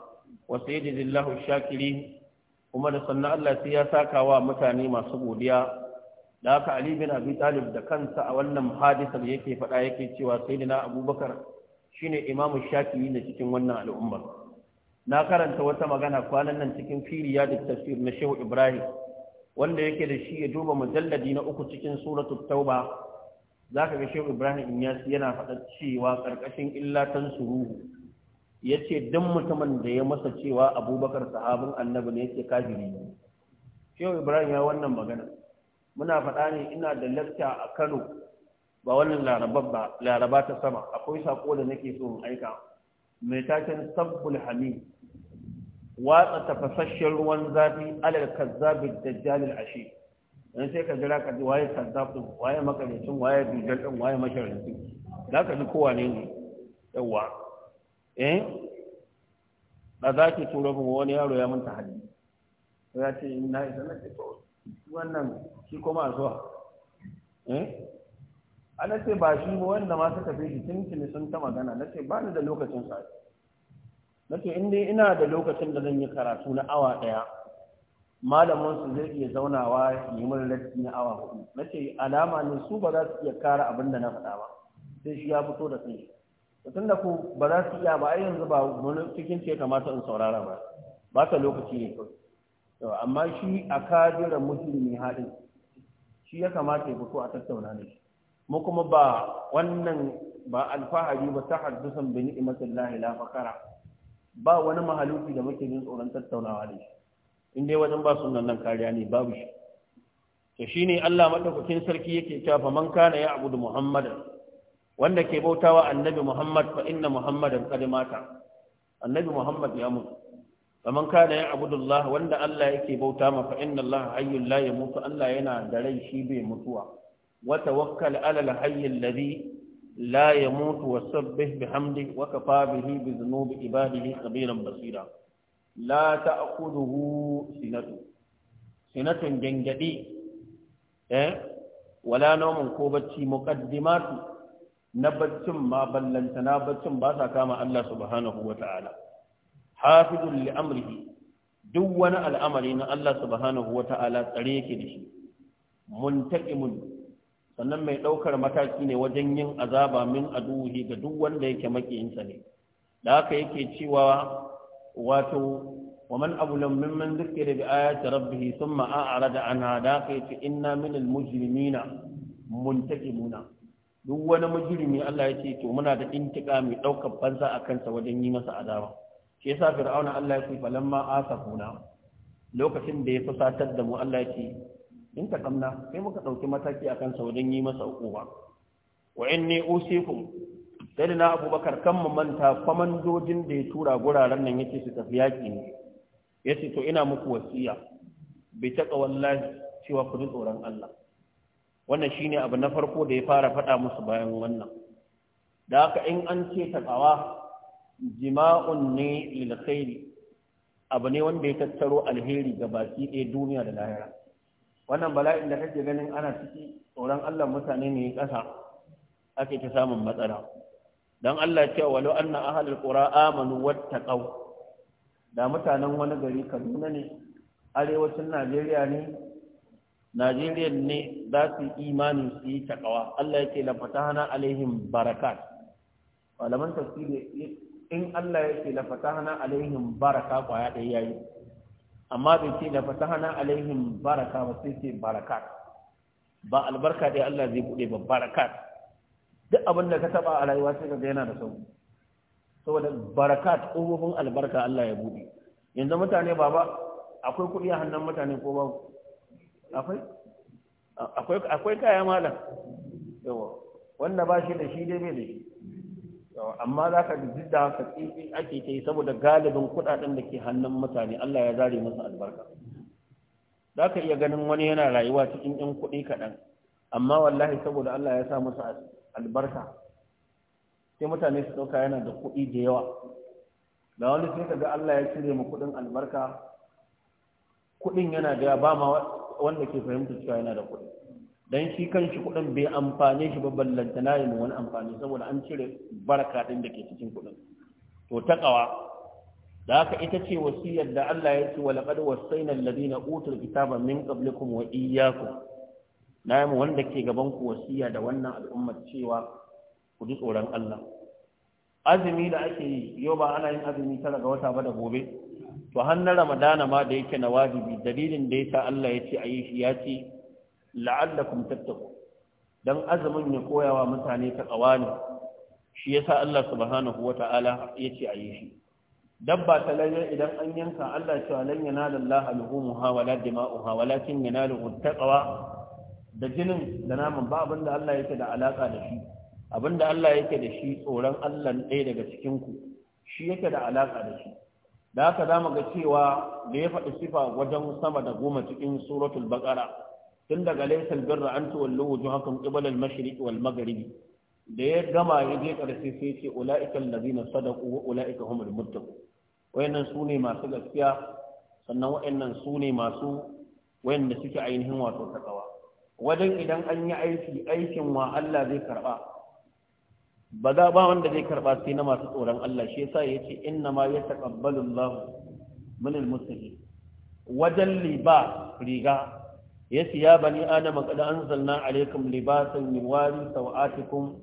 wa sayyidillahu shakiri kuma da sannan Allah sai ya saka wa mutane masu godiya da haka Ali bin Abi da kansa a wannan hadisar yake faɗa yake cewa na Abubakar shine imamu shafi'i na cikin wannan al'umma na karanta wata magana kwanan nan cikin firiya da tafsir na Shehu Ibrahim wanda yake da shi ya duba mujalladi na uku cikin suratul tauba zaka ga shehu ibrahim yasi yana faɗa cewa karkashin illatan suruhu ya ce duk mutumin da ya masa cewa abubakar sahabin annabi ne yake kafiri ne shehu ibrahim ya wannan magana muna faɗa ne ina da lakta a kano ba wannan laraba ta sama akwai sako da nake so in aika mai taken sabbul hamid watsa tafasasshen ruwan zafi alal kazzabi dajjal al-ashi dan sai ka jira ka ji waye kazzabu waye makarincin waye dujal din waye masharincin zaka ji kowa ne ne yawa eh da zaki ki tura mu wani yaro ya manta hali ya ce inna isa na to wannan shi kuma zuwa eh ana ce ba shi wanda ma suka fi shi tuntuni sun ta magana na ce ba ni da lokacin sa nake in dai ina da lokacin da zan yi karatu na awa daya malamin su zai iya zaunawa yi min latti na awa hudu nake alama ne su ba za su iya kara abin da na faɗa ba sai shi ya fito da kai tun da ku ba za su iya ba ai yanzu ba wani cikin ce kamata in saurara ba ba ka lokaci ne kawai amma shi a kadira musulmi haɗin shi ya kamata ya fito a tattauna ne mu kuma ba wannan ba alfahari ba ta haddusan bi ni'matillahi la fakara ba wani mahaluki da muke jin tsoron tattaunawa da shi in dai wajen ba sunan nan kariya ne babu shi to shine Allah madaukakin sarki yake cewa fa man kana ya abudu muhammadan wanda ke bautawa annabi muhammad fa inna muhammadan qad mata annabi muhammad ya mutu faman kana ya abudullah wanda Allah yake bauta ma fa inna Allah hayyul la yamutu Allah yana da rai shi bai mutuwa wa tawakkal ala al hayy alladhi la ya mutu wa sabbih bihamdi wa kafa bihi bi dhunubi ibadihi khabiran basira la ta'khudhuhu sinatu sinatun gangadi wala nawmun ko bacci muqaddimatu na baccin ma ballanta na baccin ba sa kama Allah subhanahu wa ta'ala hafizul li amrihi duk wani al'amari na Allah subhanahu ta'ala tsare yake da shi muntaqimun sannan mai ɗaukar mataki ne wajen yin azaba min aduhi ga duk wanda yake makiyinsa ne da haka yake cewa wato ومن أظلم ممن ذكر بآيات ربه ثم أعرض عنها داخل إنا من المجرمين منتقمون duk wani mujrimi Allah ya ce to muna da mai ɗaukar fansa a kansa wajen yi masa azaba shi yasa fir'auna Allah ya ce falamma asafuna lokacin da ya satar da mu Allah ya ce in ta kamna sai muka ɗauki mataki a kansa wajen yi masa hukuma wa in ne usikum sai da na abubakar kan mu manta kwamandojin da ya tura guraren nan yace su tafi yaƙi ne yace to ina muku wasiya bai taƙa wallahi cewa ku ji tsoron Allah wannan shine abu na farko da ya fara faɗa musu bayan wannan da haka in an ce taƙawa jima'un ne lil khairi abu ne wanda ya tattaro alheri ga baki ɗaya duniya da lahira wannan bala'in da kake ganin ana ciki tsoron Allah mutane ne ƙasa ake ta samun matsala dan Allah ce walau anna ahlul qura amanu wattaqau da mutanen wani gari Kaduna ne arewacin Najeriya ne Najeriya ne za su imani su yi takawa Allah yake la fatahana alaihim barakat malaman tafsiri in Allah yake la fatahana alaihim baraka kwaya ɗaya yayi amma bai ce da fatahana alaihim baraka ba sai ce barakat ba albarka dai Allah zai bude ba barakat duk abin da ka taba a rayuwa sai ka ga yana da sauki saboda barakat kofofin albarka Allah ya bude yanzu mutane baba akwai kuɗi a hannun mutane ko ba akwai akwai akwai kaya malam yawa wanda ba shi da shi dai bai da shi amma za ka ji da haka ake ta yi saboda galibin kuɗaɗen da ke hannun mutane Allah ya zare musu albarka za ka iya ganin wani yana rayuwa cikin yan kuɗi kaɗan amma wallahi saboda Allah ya sa musu albarka sai mutane su ɗauka yana da kuɗi da yawa da wani sai ka ga Allah ya cire mu kuɗin albarka kuɗin yana da ba ma wanda ke fahimta cewa yana da kuɗi dan shi kan shi kuɗin bai amfane shi ba ballanta na yin wani amfani saboda an cire baraka ɗin da ke cikin kuɗin to ta ƙawa da haka ita ce wasiyar da Allah ya ce walaƙad wasaina alladhina utul kitaba min qablikum wa iyyakum na yi wanda ke gaban ku wasiya da wannan al'ummar cewa ku ji tsoron Allah azumi da ake yi yau ba ana yin azumi tara ga wata ba da gobe to har na ramadana ma da yake na wajibi dalilin da yasa Allah ya ce a yi shi ya ce la'allakum tattaqu dan azumin ya koyawa mutane ta ne. shi yasa Allah subhanahu wata'ala yace a yi shi dabba ta lalle idan an yanka Allah cewa lan yanala Allah alhumuha wala dima'uha walakin yanalu taqwa da jinin da naman ba abinda Allah yake da alaka da shi abinda Allah yake da shi tsoron Allah ɗaya daga cikin ku shi yake da alaka da shi da haka zamu ga cewa da ya faɗi sifa wajen sama da goma cikin suratul baqara tun daga laysal birra an tuwallu wujuhakum qibala al-mashriq wal maghrib da ya gama ya je karshe sai ya ce ulaika allazina sadaqu wa ulaika humul muttaqun wayannan ne masu gaskiya sannan wayannan ne masu wayanda suke ainihin wato takawa wajen idan an yi aiki aikin wa Allah zai karba ba za ba wanda zai karba sai na masu tsoron Allah shi yasa yace inna ma yataqabbalu Allah min al-muttaqin wajen liba riga yace ya bani adam qad anzalna alaykum libasan yuwari sawatikum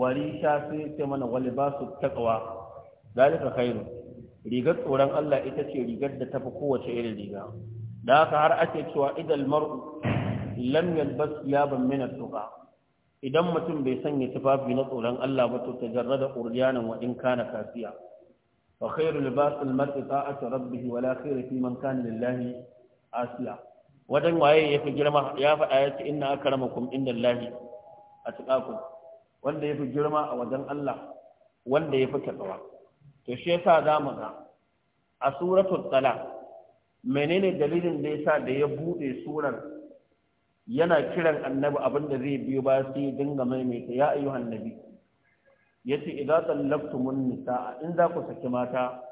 warisha sai ce mana walibasu taqwa dalika khairu rigar tsoron Allah ita ce rigar da tafi kowace irin riga da haka har ake cewa idal mar'u lam yalbas yaban min at-tuqa idan mutum bai sanya tufafi na tsoron Allah ba to tajarrada uryanan wa in kana kafiya fa khairu libas al-mar'i ta'atu rabbih wa la khairu fi man kana lillahi asiya wajen waye ya fi girma ya faɗa ya ce inna akramakum indallahi atqakum wanda ya fi girma a wajen Allah wanda ya fi takawa to shi yasa za mu ga a suratul tsala, menene dalilin da yasa da ya bude surar yana kiran annabi abin da zai biyo ba sai dinga maimaita ya ayyu annabi yace idza tallaqtumun nisaa in za ku saki mata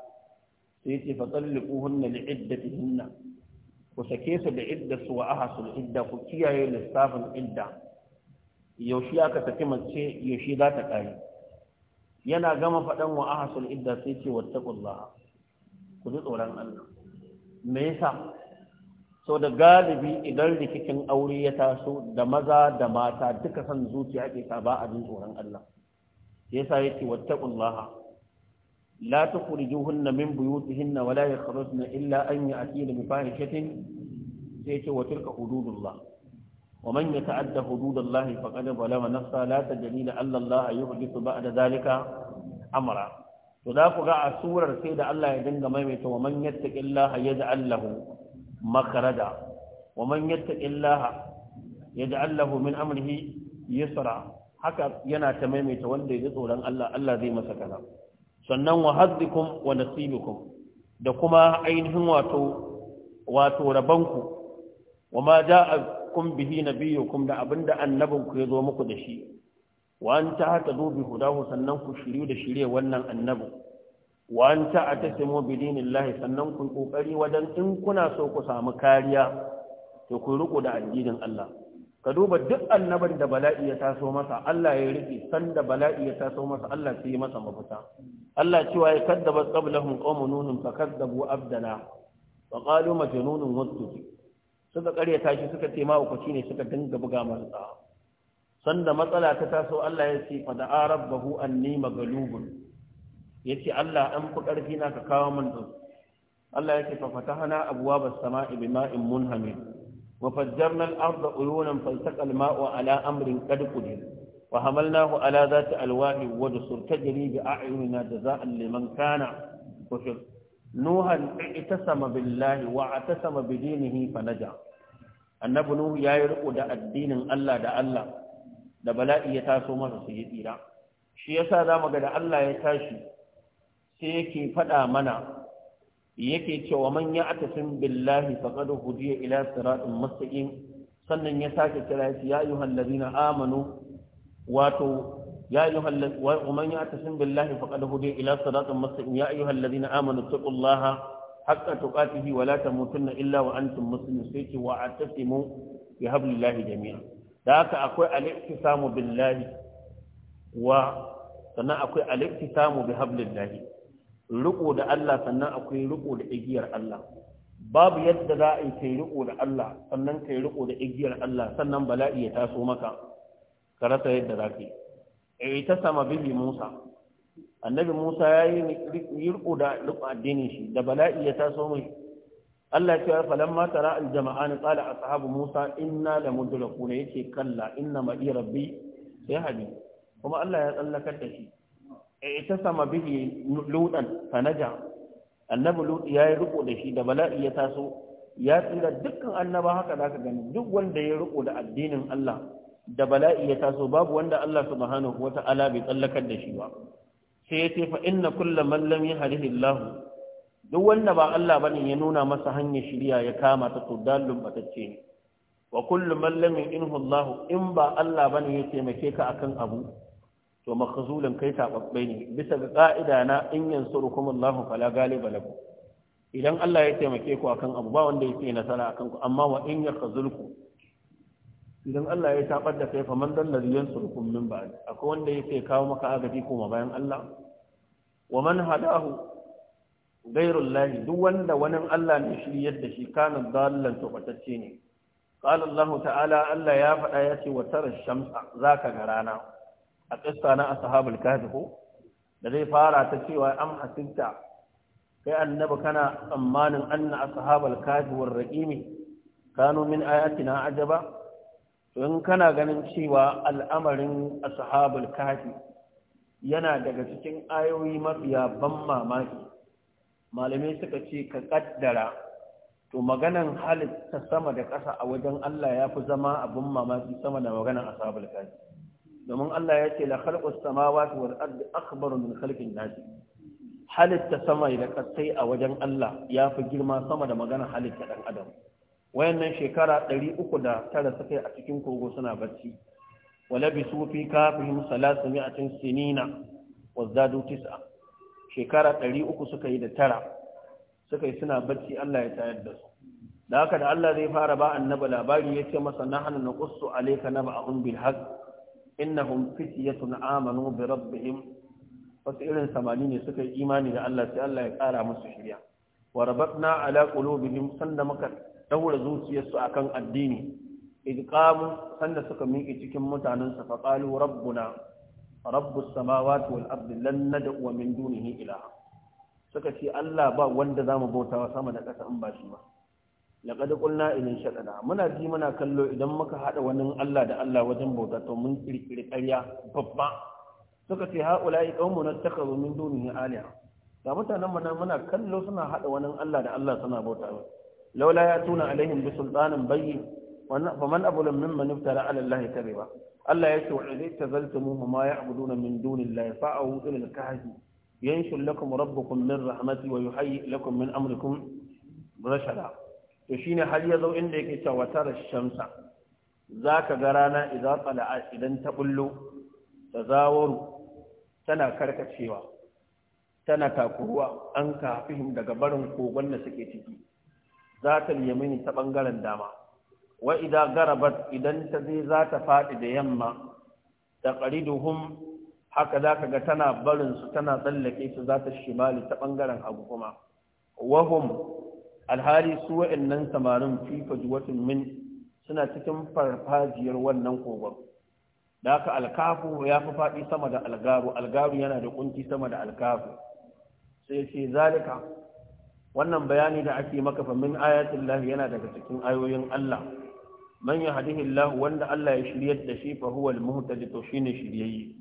sai yace fa talliquhunna li'iddatihinna ku sake su da idda su wa su idda ku kiyaye lissafin idda yaushe aka saki mace yaushe za ta kare yana gama faɗan wa su idda sai ce wattaqullaha ku ji tsoron Allah me yasa so da galibi idan rikicin aure ya taso da maza da mata duka san zuciya ke ta ba a jin tsoron Allah yasa yake wattaqullaha لا تخرجوهن من بيوتهن ولا يخرجن إلا أن يأتين بفاحشة سيتي وتلك حدود الله ومن يتعد حدود الله فقد ظلم نفسه لا تجري لعل الله يحدث بعد ذلك أمرا وذاك قاع سورة سيد الله يدنغ ميمت ومن يتق الله يجعل له مخرجا ومن يتق الله يجعل له من أمره يسرا haka yana ta maimaita wanda ya ji tsoron Allah Allah zai masa kaza sannan wa hazzikum wa nasibikum da kuma ainihin wato wato rabanku wa ma ja'akum bihi nabiyukum da abinda annabinku ya zo muku da shi wa an tahtadu bi hudahu sannan ku shiryu da shirye wannan annabin wa an ta'tasimu bi dinillahi sannan ku kokari wajen in kuna so ku samu kariya to ku riƙo da addinin Allah ka duba duk annabar da bala'i ya taso masa Allah ya rufe sanda bala'i ya taso masa Allah sai yi masa mafita Allah cewa ya kaddaba qablahum qawmun nun fa kaddabu abdana wa qalu majnunun wastuji suka karya tashi suka ce mahaukaci ne suka dinga buga masa tsawa sanda matsala ta taso Allah ya ce fa da'a rabbahu anni maghlubun yace Allah an fi karfi na ka kawo min Allah ya ce fa fatahana abwaabas samaa'i bima'in munhamir وفجرنا الأرض عيونا فالتقى الماء على أمر قد قدر وحملناه على ذات ألواح ودسر تجري بأعيننا جزاء لمن كان كفر نوحا اعتصم بالله واعتصم بدينه فنجا annabi nuhu ya yi riko da addinin Allah da Allah da bala'i ya taso masa su yi tsira shi yasa zamu ga da Allah ya tashi sai yake faɗa mana yake cewa man ya atasin billahi faqad hudiya ila siratin mustaqim sannan ya sake kira shi ya ayyuhal ladina amanu wato ya ayyuhal wa man ya atasin billahi faqad hudiya ila siratin mustaqim ya ayyuhal ladina amanu taqullaha haqqa tuqatihi wa la tamutunna illa wa antum muslimun sai ce wa atasimu bi hablillahi jami'a da haka akwai al-iktisamu billahi wa sannan akwai al-iktisamu bi hablillahi Riƙo da Allah sannan akwai riƙo da igiyar Allah babu yadda za a yi kai riƙo da Allah sannan kai riƙo da igiyar Allah sannan bala'i ya taso maka ka rasa yadda za ka yi e ta sama bibi Musa annabi Musa ya yi riƙo da addinin shi da bala'i ya taso mai Allah ya ce falamma tara aljama'an qala ashabu Musa inna lamudrakuna yace kalla inna ma'i rabbi sai hadi kuma Allah ya tsallakar da shi ita sama bihi ludan fanaja annabi lut ya yi riko da shi da bala'i ya taso ya tsira dukkan annaba haka zaka gani duk wanda ya riko da addinin Allah da bala'i ya taso babu wanda Allah subhanahu wata'ala bai tsallakar da shi ba sai ya ce fa inna kulla man lam yahdihi Allah duk wanda ba Allah bane ya nuna masa hanyar shiriya ya kama ta to dallun batacce wa kullu man lam yahdihi Allah in ba Allah bane ya taimake ka akan abu to makhzulun kai tababbe ne bisa ga ka'ida na in yansurukum Allahu fala ghaliba lakum idan Allah ya taimake ku akan abu ba wanda yake nasara akan ku amma wa in yakhzulku idan Allah ya tabar da kai fa man dal ladhi yansurukum min ba'd akwai wanda yake kawo maka agaji kuma bayan Allah wa man hadahu ghayrul lahi duk wanda wani Allah ne shiryar yadda shi kana dallan to batacce ne qala ta'ala Allah ya faɗa yace wa tara shamsa zaka ga rana a ƙasa na ashabul kahfi ko da zai fara ta cewa am hasibta kai annabi kana tsammanin anna ashabul kahfi war raqimi kanu min ayatina ajaba to in kana ganin cewa al'amarin ashabul kahfi yana daga cikin ayoyi mafiya ban mamaki malamai suka ce ka kaddara to maganan halitta sama da ƙasa a wajen Allah ya fi zama abin mamaki sama da maganan ashabul kahfi domin Allah ya ce la khalqus samawati wal ardi akbar min khalqin nas halitta sama da kasai a wajen Allah ya fi girma sama da magana halitta dan adam wayannan shekara 309 suka yi a cikin kogo suna barci wala bi sufi kafihim salasami'atin sinina wazdadu tis'a shekara 300 suka yi da tara suka yi suna barci Allah ya tayar da su da haka da Allah zai fara ba annaba labari ya ce masa nahnu naqussu alayka naba'un bil haqq innahum fityatun amanu bi rabbihim wasu irin samani ne suka yi imani da Allah sai Allah ya kara musu shirya wa rabatna ala qulubihim sanda muka daura zuciyarsu akan addini idh qamu sanda suka miƙe cikin mutanen sa faqalu rabbuna rabbus samawati wal ardi lan nad'u min dunihi ilaha suka ce Allah ba wanda zamu bautawa sama da ƙasa in ba shi ba laqad qulna in shadada muna ji muna kallo idan muka hada wani Allah da Allah wajen bauta to mun kirkiri ƙarya babba suka ce haula'i qaumuna takazu min dunihi aliha ga mutanen mu muna kallo suna haɗa wani Allah da Allah suna bauta laula ya tuna alaihim bi sultanin bayyin ala Allah ممن افترى على الله كذبا الله يسوع إذ اعتزلتموهم ما يعبدون من دون الله فأعوا إلى الكهف ينشر لكم ربكم من رحمته ويحيئ لكم min أمركم rashada. to shine har ya zo inda yake cewa tara shamsa zaka ga rana idan idan ta bullo ta zawaru tana karkacewa tana takuruwa an fihim daga barin kogon da suke ciki za ta yamini ta bangaren dama wa idan garabat idan ta zai za ta faɗi da yamma da ƙariduhum haka za ka ga tana barin su tana tsallake su za ta shimali ta ɓangaren hagu kuma wahum alhali su wa'annan samarin fifa juwatin min suna cikin farfajiyar wannan kogon da aka alkafu ya fi faɗi sama da algaru algaru yana da kunci sama da alkafu sai ce zalika wannan bayani da ake maka fa min ayatin yana daga cikin ayoyin Allah man yahdihi Allah wanda Allah ya shiryar da shi fa huwa al-muhtadi to shine shiryayye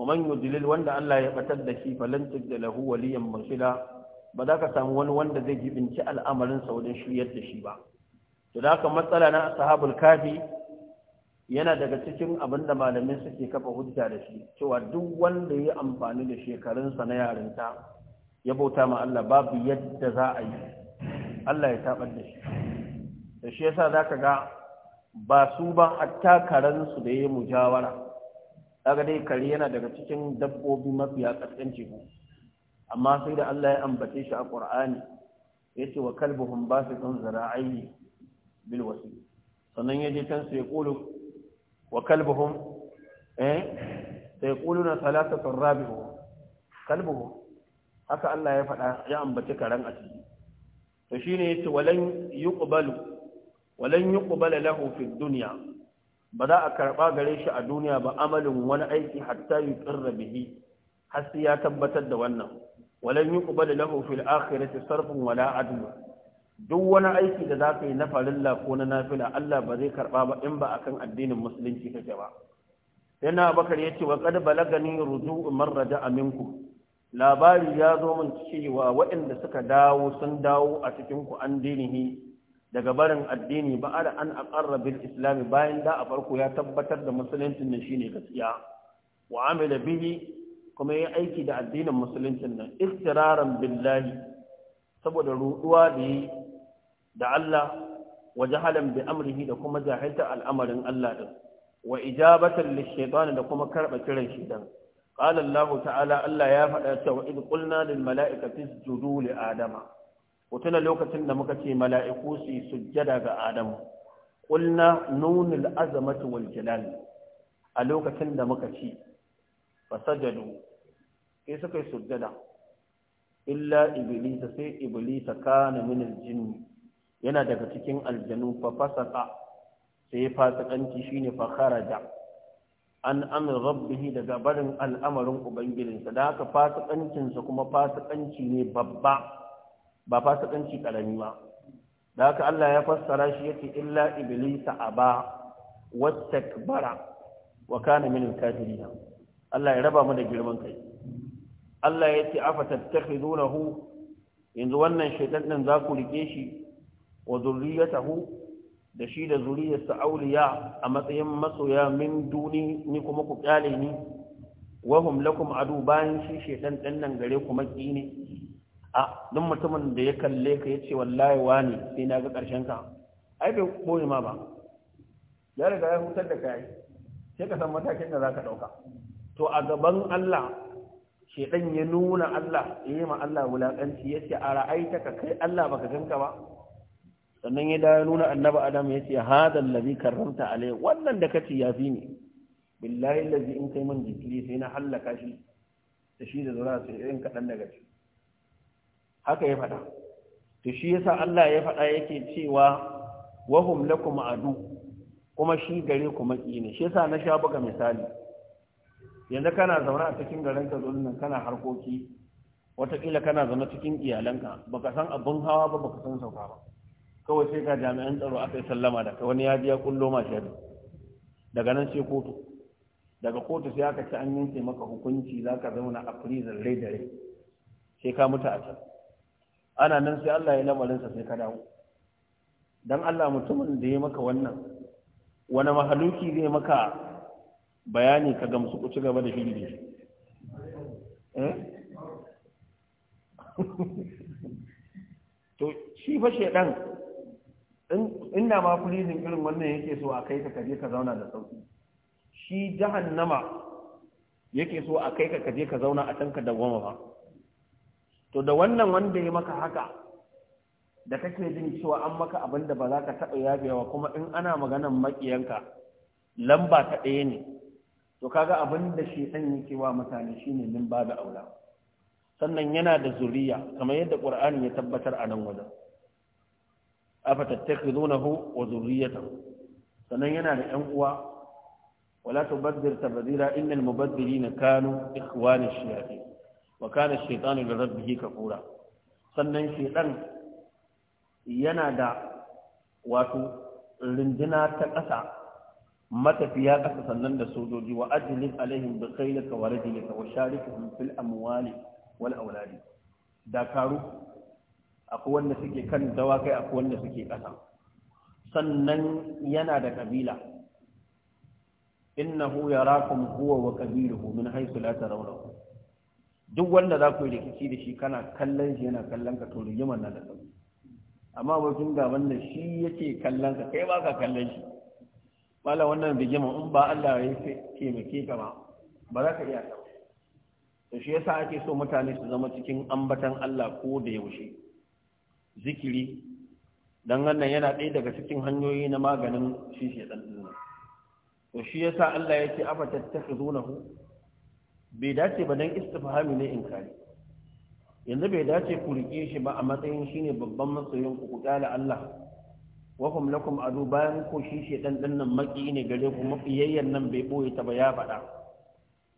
wa man yudlil wanda Allah ya batar da shi fa lan tajid lahu waliyan mashida ba za ka samu wani wanda zai jibinci al'amarin sa wajen shiryar da shi ba to da haka matsala na ashabul kafi yana daga cikin abin da malamin suke kafa hujja da shi cewa duk wanda ya amfani da shekarunsa na yarinta ya bauta ma Allah babu yadda za a yi Allah ya tabar da shi da shi yasa zaka ga ba su ba hatta karansu da yayi mujawara kaga dai kare yana daga cikin dabbobi mafiya kaskanci ku amma sai da Allah ya ambace shi a Qur'ani yace wa kalbuhum basitun zara'i bil wasil sannan yaje can sai qulu wa kalbuhum eh sai quluna salatatu rabi'u kalbuhum haka Allah ya faɗa ya ambace karan a ciki to shine yace walan yuqbalu walan yuqbala lahu fid dunya ba za a karɓa gare shi a duniya ba amalin wani aiki hatta yi tsirra bihi har sai ya tabbatar da wannan walan yuqbal da fil akhirati sarfun wala adl duk wani aiki da ka yi na farin ko na nafila Allah ba zai karɓa ba in ba a kan addinin musulunci kake ba yana bakar ce, wa qad balagani ruzu, umar raja'a aminku. labari ya zo min cewa waɗanda suka dawo sun dawo a cikin ku an dinihi daga barin addini ba da an a bil islami bayan da a farko ya tabbatar da musuluncin shi shine gaskiya wa amila bihi kuma ya aiki da addinin musuluncin nan istiraran billahi saboda ruɗuwa da yi da Allah wa jahalan bi amrihi da kuma jahilta al'amarin Allah din wa ijabatan lishaytan da kuma karba kiran shi dan qala Allah ta'ala Allah ya faɗa cewa id qulna lil mala'ikati isjudu li adama wutuna lokacin da muka ce mala'iku su sujjada ga adamu qulna nunul azamati wal jalal a lokacin da muka ce fasajadu sai suka yi sujjada illa iblisa sai iblisa kana min aljin yana daga cikin aljanu fa fasaka sai fasakanci shine fa kharaja an amr rabbih daga barin al'amarin sa da haka sa kuma fasakanci ne babba ba fasakanci karami ba da haka Allah ya fassara shi yake illa iblisa aba takbara wa kana min al-kafirin Allah ya raba mu da girman kai Allah ya ce afa tattakhidunahu yanzu wannan shaitan din za ku rike shi wa zurriyatahu da shi da zuriyarsa auliya a matsayin masoya min duni ni kuma ku kyale ni wahum lakum adu bayan shi shaitan din nan gare ku maki ne a duk mutumin da ya kalle ka yace wallahi wani sai na ga karshen ka ai bai koyi ma ba ya riga ya hutar da kai sai ka san matakin da zaka dauka to a gaban Allah shedan ya nuna Allah ya yi ma Allah wulaƙanci ya ce a ra'aita ka kai Allah baka ganka ba sannan ya da nuna annaba adam ya ce hadal karramta alai wannan da kace ya fi ni billahi ladhi in kai man jikiri sai na hallaka shi da shi da zura sai in kadan daga ci haka ya faɗa to shi yasa Allah ya faɗa yake cewa wahum lakum adu kuma shi gare ku maki ne shi yasa na sha buga misali yanzu kana zaune a cikin garin ka nan kana harkoki watakila kana zaune cikin iyalanka baka san abin hawa ba baka san sauka ba kawai sai ga jami'an tsaro aka yi sallama da wani ya biya kullo ma shari daga nan sai kotu daga kotu sai aka ci an yanke maka hukunci za ka zauna a prison rai da rai sai ka mutu a can ana nan sai Allah ya lamarinsa sai ka dawo dan Allah mutumin da ya maka wannan wani mahaluki zai maka bayani ka gamsu ku ci gaba da shi ne eh? to shi fa in inda ma kulirin irin wannan yake so a kai ka kaje ka zauna da sauki shi jahannama yake so a kai ka kaje ka zauna a can ka goma ba to da wannan wanda ya maka haka da kake jin cewa an maka abin da ba za ka taɓa yabewa kuma in ana maganan maƙiyanka lamba ta ɗaya ne to kaga abin da shi shedan yake wa mutane shine min babu aula sannan yana da zuriya kamar yadda qur'ani ya tabbatar a nan wajen tattakhidunahu wa zurriyatahu sannan yana da ƴan uwa wala tubaddir tabdira innal mubaddilina kanu ikhwana ash-shayatin wa kana ash-shaytanu li rabbihi kafura sannan shedan yana da wato rindina ta ƙasa matafiya ƙasa sannan da sojoji wa ajlib alaihim bi khaylika wa rajulika wa sharikuhum fil amwali wal auladi dakaru akwai wanda suke kan dawakai akwai wanda suke ƙasa sannan yana da kabila innahu yarakum huwa wa qabiluhu min haythu la tarawnahu duk wanda za ku yi rikici da shi kana kallon shi yana kallon ka to rigimar na da sauki amma wajen gaban da shi yake kallon ka kai ba ka kallon shi mala wannan bigima in ba Allah ya yi taimake ka ba ba za ka iya ta to shi yasa ake so mutane su zama cikin ambatan Allah ko da yaushe zikiri dan wannan yana ɗaya daga cikin hanyoyi na maganin shi shedan din to shi yasa Allah ya ce afa tattakhuzunahu bai dace ba dan istifhami ne kare. yanzu bai dace ku rike shi ba a matsayin shine babban matsayin ku ku Allah wahum lakum adu bayan ko shi dan dan nan maki ne gare ku mafiyayyan nan bai boye ta ba ya faɗa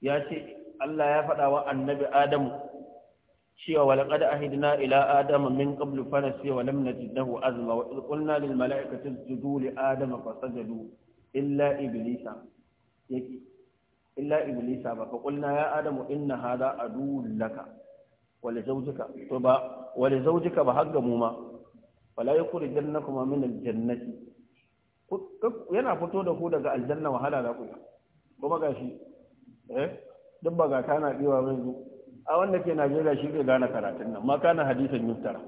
ya ce Allah ya faɗa wa annabi Adamu cewa wa laqad ahidna ila adama min qablu fa nasiya wa lam najidnahu azma wa idh qulna lil mala'ikati isjudu li adama fasajadu illa iblisa yake illa iblisa ba fa qulna ya adamu inna hadha adu laka wa li zawjika to ba wa li zawjika ba hagga mu ma fala kuma min aljannati yana fito da ku daga aljanna wahala da ku kuma gashi eh duk ba gata na diwa mai zu a wanda ke Najeriya shi ke gane karatun nan ma kana hadisin yuntara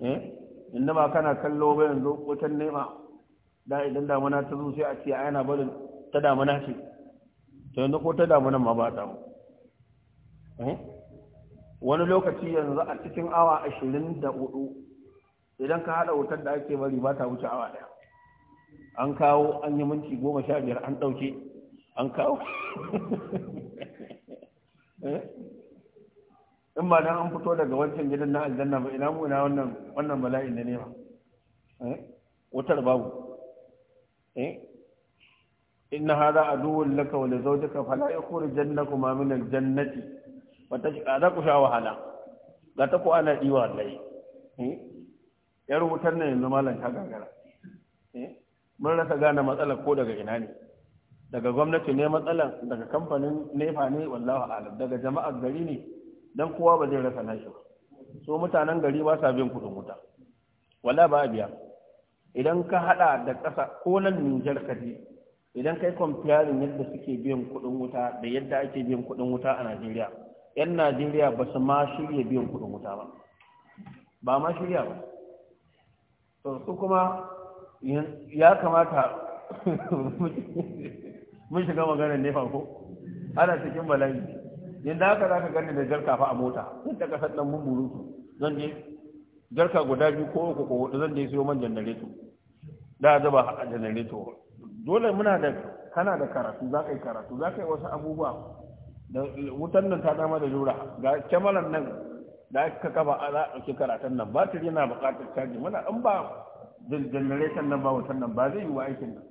eh inda ma kana kallo ba yanzu wutan nema da idan damuna ta zo sai a ce ana barin ta damuna ce to yanzu ko ta damunan ma ba ta mu eh, wani lokaci yanzu a cikin awa ashirin da hudu idan ka haɗa wutar da ake bari ba ta wuce awa ɗaya an kawo an yi minti goma sha biyar an ɗauke an kawo eh? in ba dan an fito daga wancan gidan na aljanna ba ina muna wannan wannan bala'in da ne ba eh? wutar babu إن هذا عدو لك ولزوجك فلا يخرجنكما من الجنة فتشقى wahala? Ga لا تقو أنا ديوان لي yar wutar nan yanzu malam ta gagara eh? mun rasa gane matsalar ko daga ina ne daga gwamnati ne matsalar daga kamfanin nefa ne wallahu alam daga jama'ar gari ne dan kowa ba zai rasa nashi ba so mutanen gari ba sa biyan kudin wuta wallahi ba biya idan ka hada da ƙasa ko nan Niger ka je idan kai comparing yadda suke biyan kudin wuta da yadda ake biyan kudin wuta a Najeriya yan Najeriya ba su ma shirya biyan kudin wuta ba ba ma shirya ba su kuma ya kamata mun shiga maganar nefa ko ana cikin bala'i yadda aka za ka gani da jarka fa a mota sun ta mun ɗan su zan je jarka guda biyu ko uku ko hudu zan je siyo man janareto da a zaba a janareto dole muna da kana da karatu za ka yi karatu za ka yi wasu abubuwa da wutan nan ta dama da jura. ga kyamalan nan da aka kaba za a ɗauki karatun nan batir yana buƙatar caji mana in ba generation nan ba wutan nan ba zai yi wa aikin nan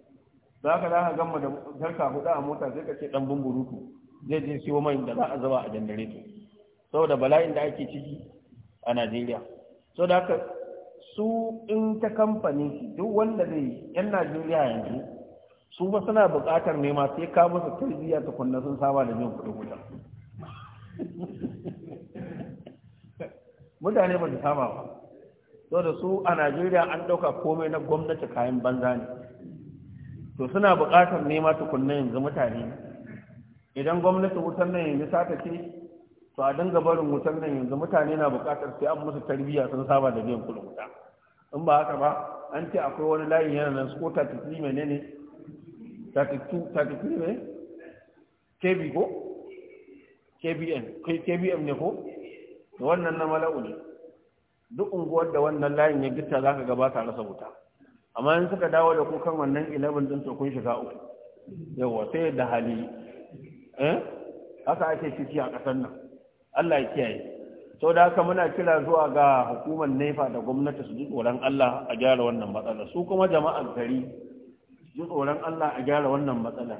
za ka za ka gama da jarka hudu a mota sai ka ce ɗan bumburutu zai je siyo mai da za a zaba a generator saboda bala'in da ake ciki a najeriya so da haka su in ta kamfani duk wanda zai yan najeriya yanzu su ba suna buƙatar nema sai ka musu tarbiyya tukunna sun saba da jin kuɗin wuta mutane ba su kama ba so da su a najeriya an ɗauka komai na gwamnati kayan banza ne to suna buƙatar nema tukunna yanzu mutane idan gwamnati wutar nan yanzu ta ce to a dinga barin wutar nan yanzu mutane na buƙatar sai an musu tarbiyya sun saba da biyan kuɗin wuta in ba haka ba an ce akwai wani layin yana nan ko 33 mene ne 33 ne kb ko kbn kbm ne ko wannan na mala'u ne duk unguwar da wannan layin ya gita za ka gabata rasa wuta amma yin suka dawo da kukan wannan 11 din tokun kun shiga uku yawa sai da hali eh aka ake ciki a ƙasar nan Allah ya kiyaye to da haka muna kira zuwa ga hukumar nefa da gwamnati su ji tsoron Allah a gyara wannan matsala su kuma jama'ar gari ji tsoron Allah a gyara wannan matsala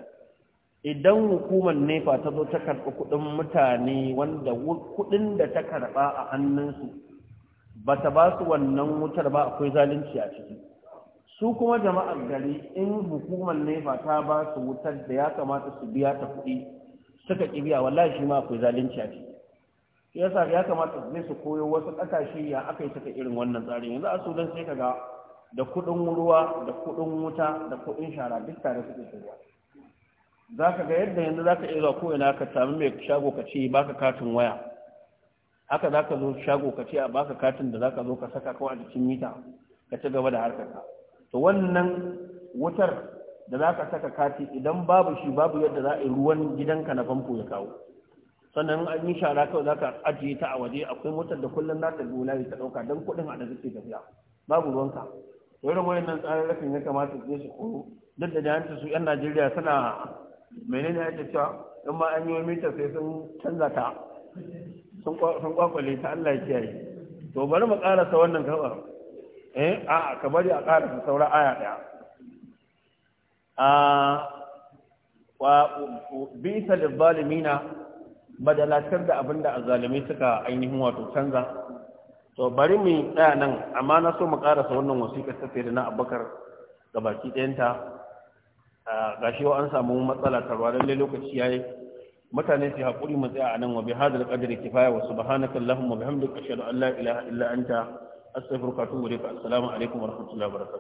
idan hukumar nefa ta zo ta karɓi kuɗin mutane wanda kuɗin da ta karɓa a hannunsu ba ta ba su wannan wutar ba akwai zalunci a ciki su kuma jama'ar gari in hukumar nefa ta ba su wutar da ya kamata su biya ta kuɗi suka ƙi biya wallahi shi ma akwai zalunci a ciki shi yasa ya kamata su su koyo wasu ƙasashe ya aka yi suka irin wannan tsarin yanzu a sudan sai ka ga da kuɗin ruwa da kuɗin wuta da kuɗin shara duk tare suke shirya za ka ga yadda yanzu za ka iya zuwa ina ka sami mai shago ka ce ba ka katin waya haka za ka zo shago ka ce a ba ka katin da za ka zo ka saka kawai a jikin mita ka ci gaba da ka. to wannan wutar da za ka saka kati idan babu shi babu yadda za a yi ruwan gidanka na famfo ya kawo sannan an yi shara kawai za ka ajiye ta a waje akwai motar da kullum za ta gula ta ɗauka don kuɗin a da suke tafiya babu ruwanka irin wayannan rafin ya kamata su je su koyo duk da jahanta su 'yan najeriya suna menene ake cewa in ma an yi wani mita sai sun canza ta sun kwakwale ta Allah ya kiyaye to bari mu karasa wannan gaba eh a ka bari a karasa saura aya daya a wa bisa da zalimina badalatar da abinda azalimi suka ainihin wato canza to bari mu tsaya nan amma na so mu karasa wannan wasiƙar ta sayyidina Abubakar gabaki ɗayanta gashi an samu matsala tarwa don dai lokaci yi mutane su haƙuri mu tsaya a nan wa bi hadal kifaya wa subhanaka allahumma wa bihamdika ashhadu an Allah ilaha illa anta astaghfiruka wa atubu assalamu alaikum wa rahmatullahi wa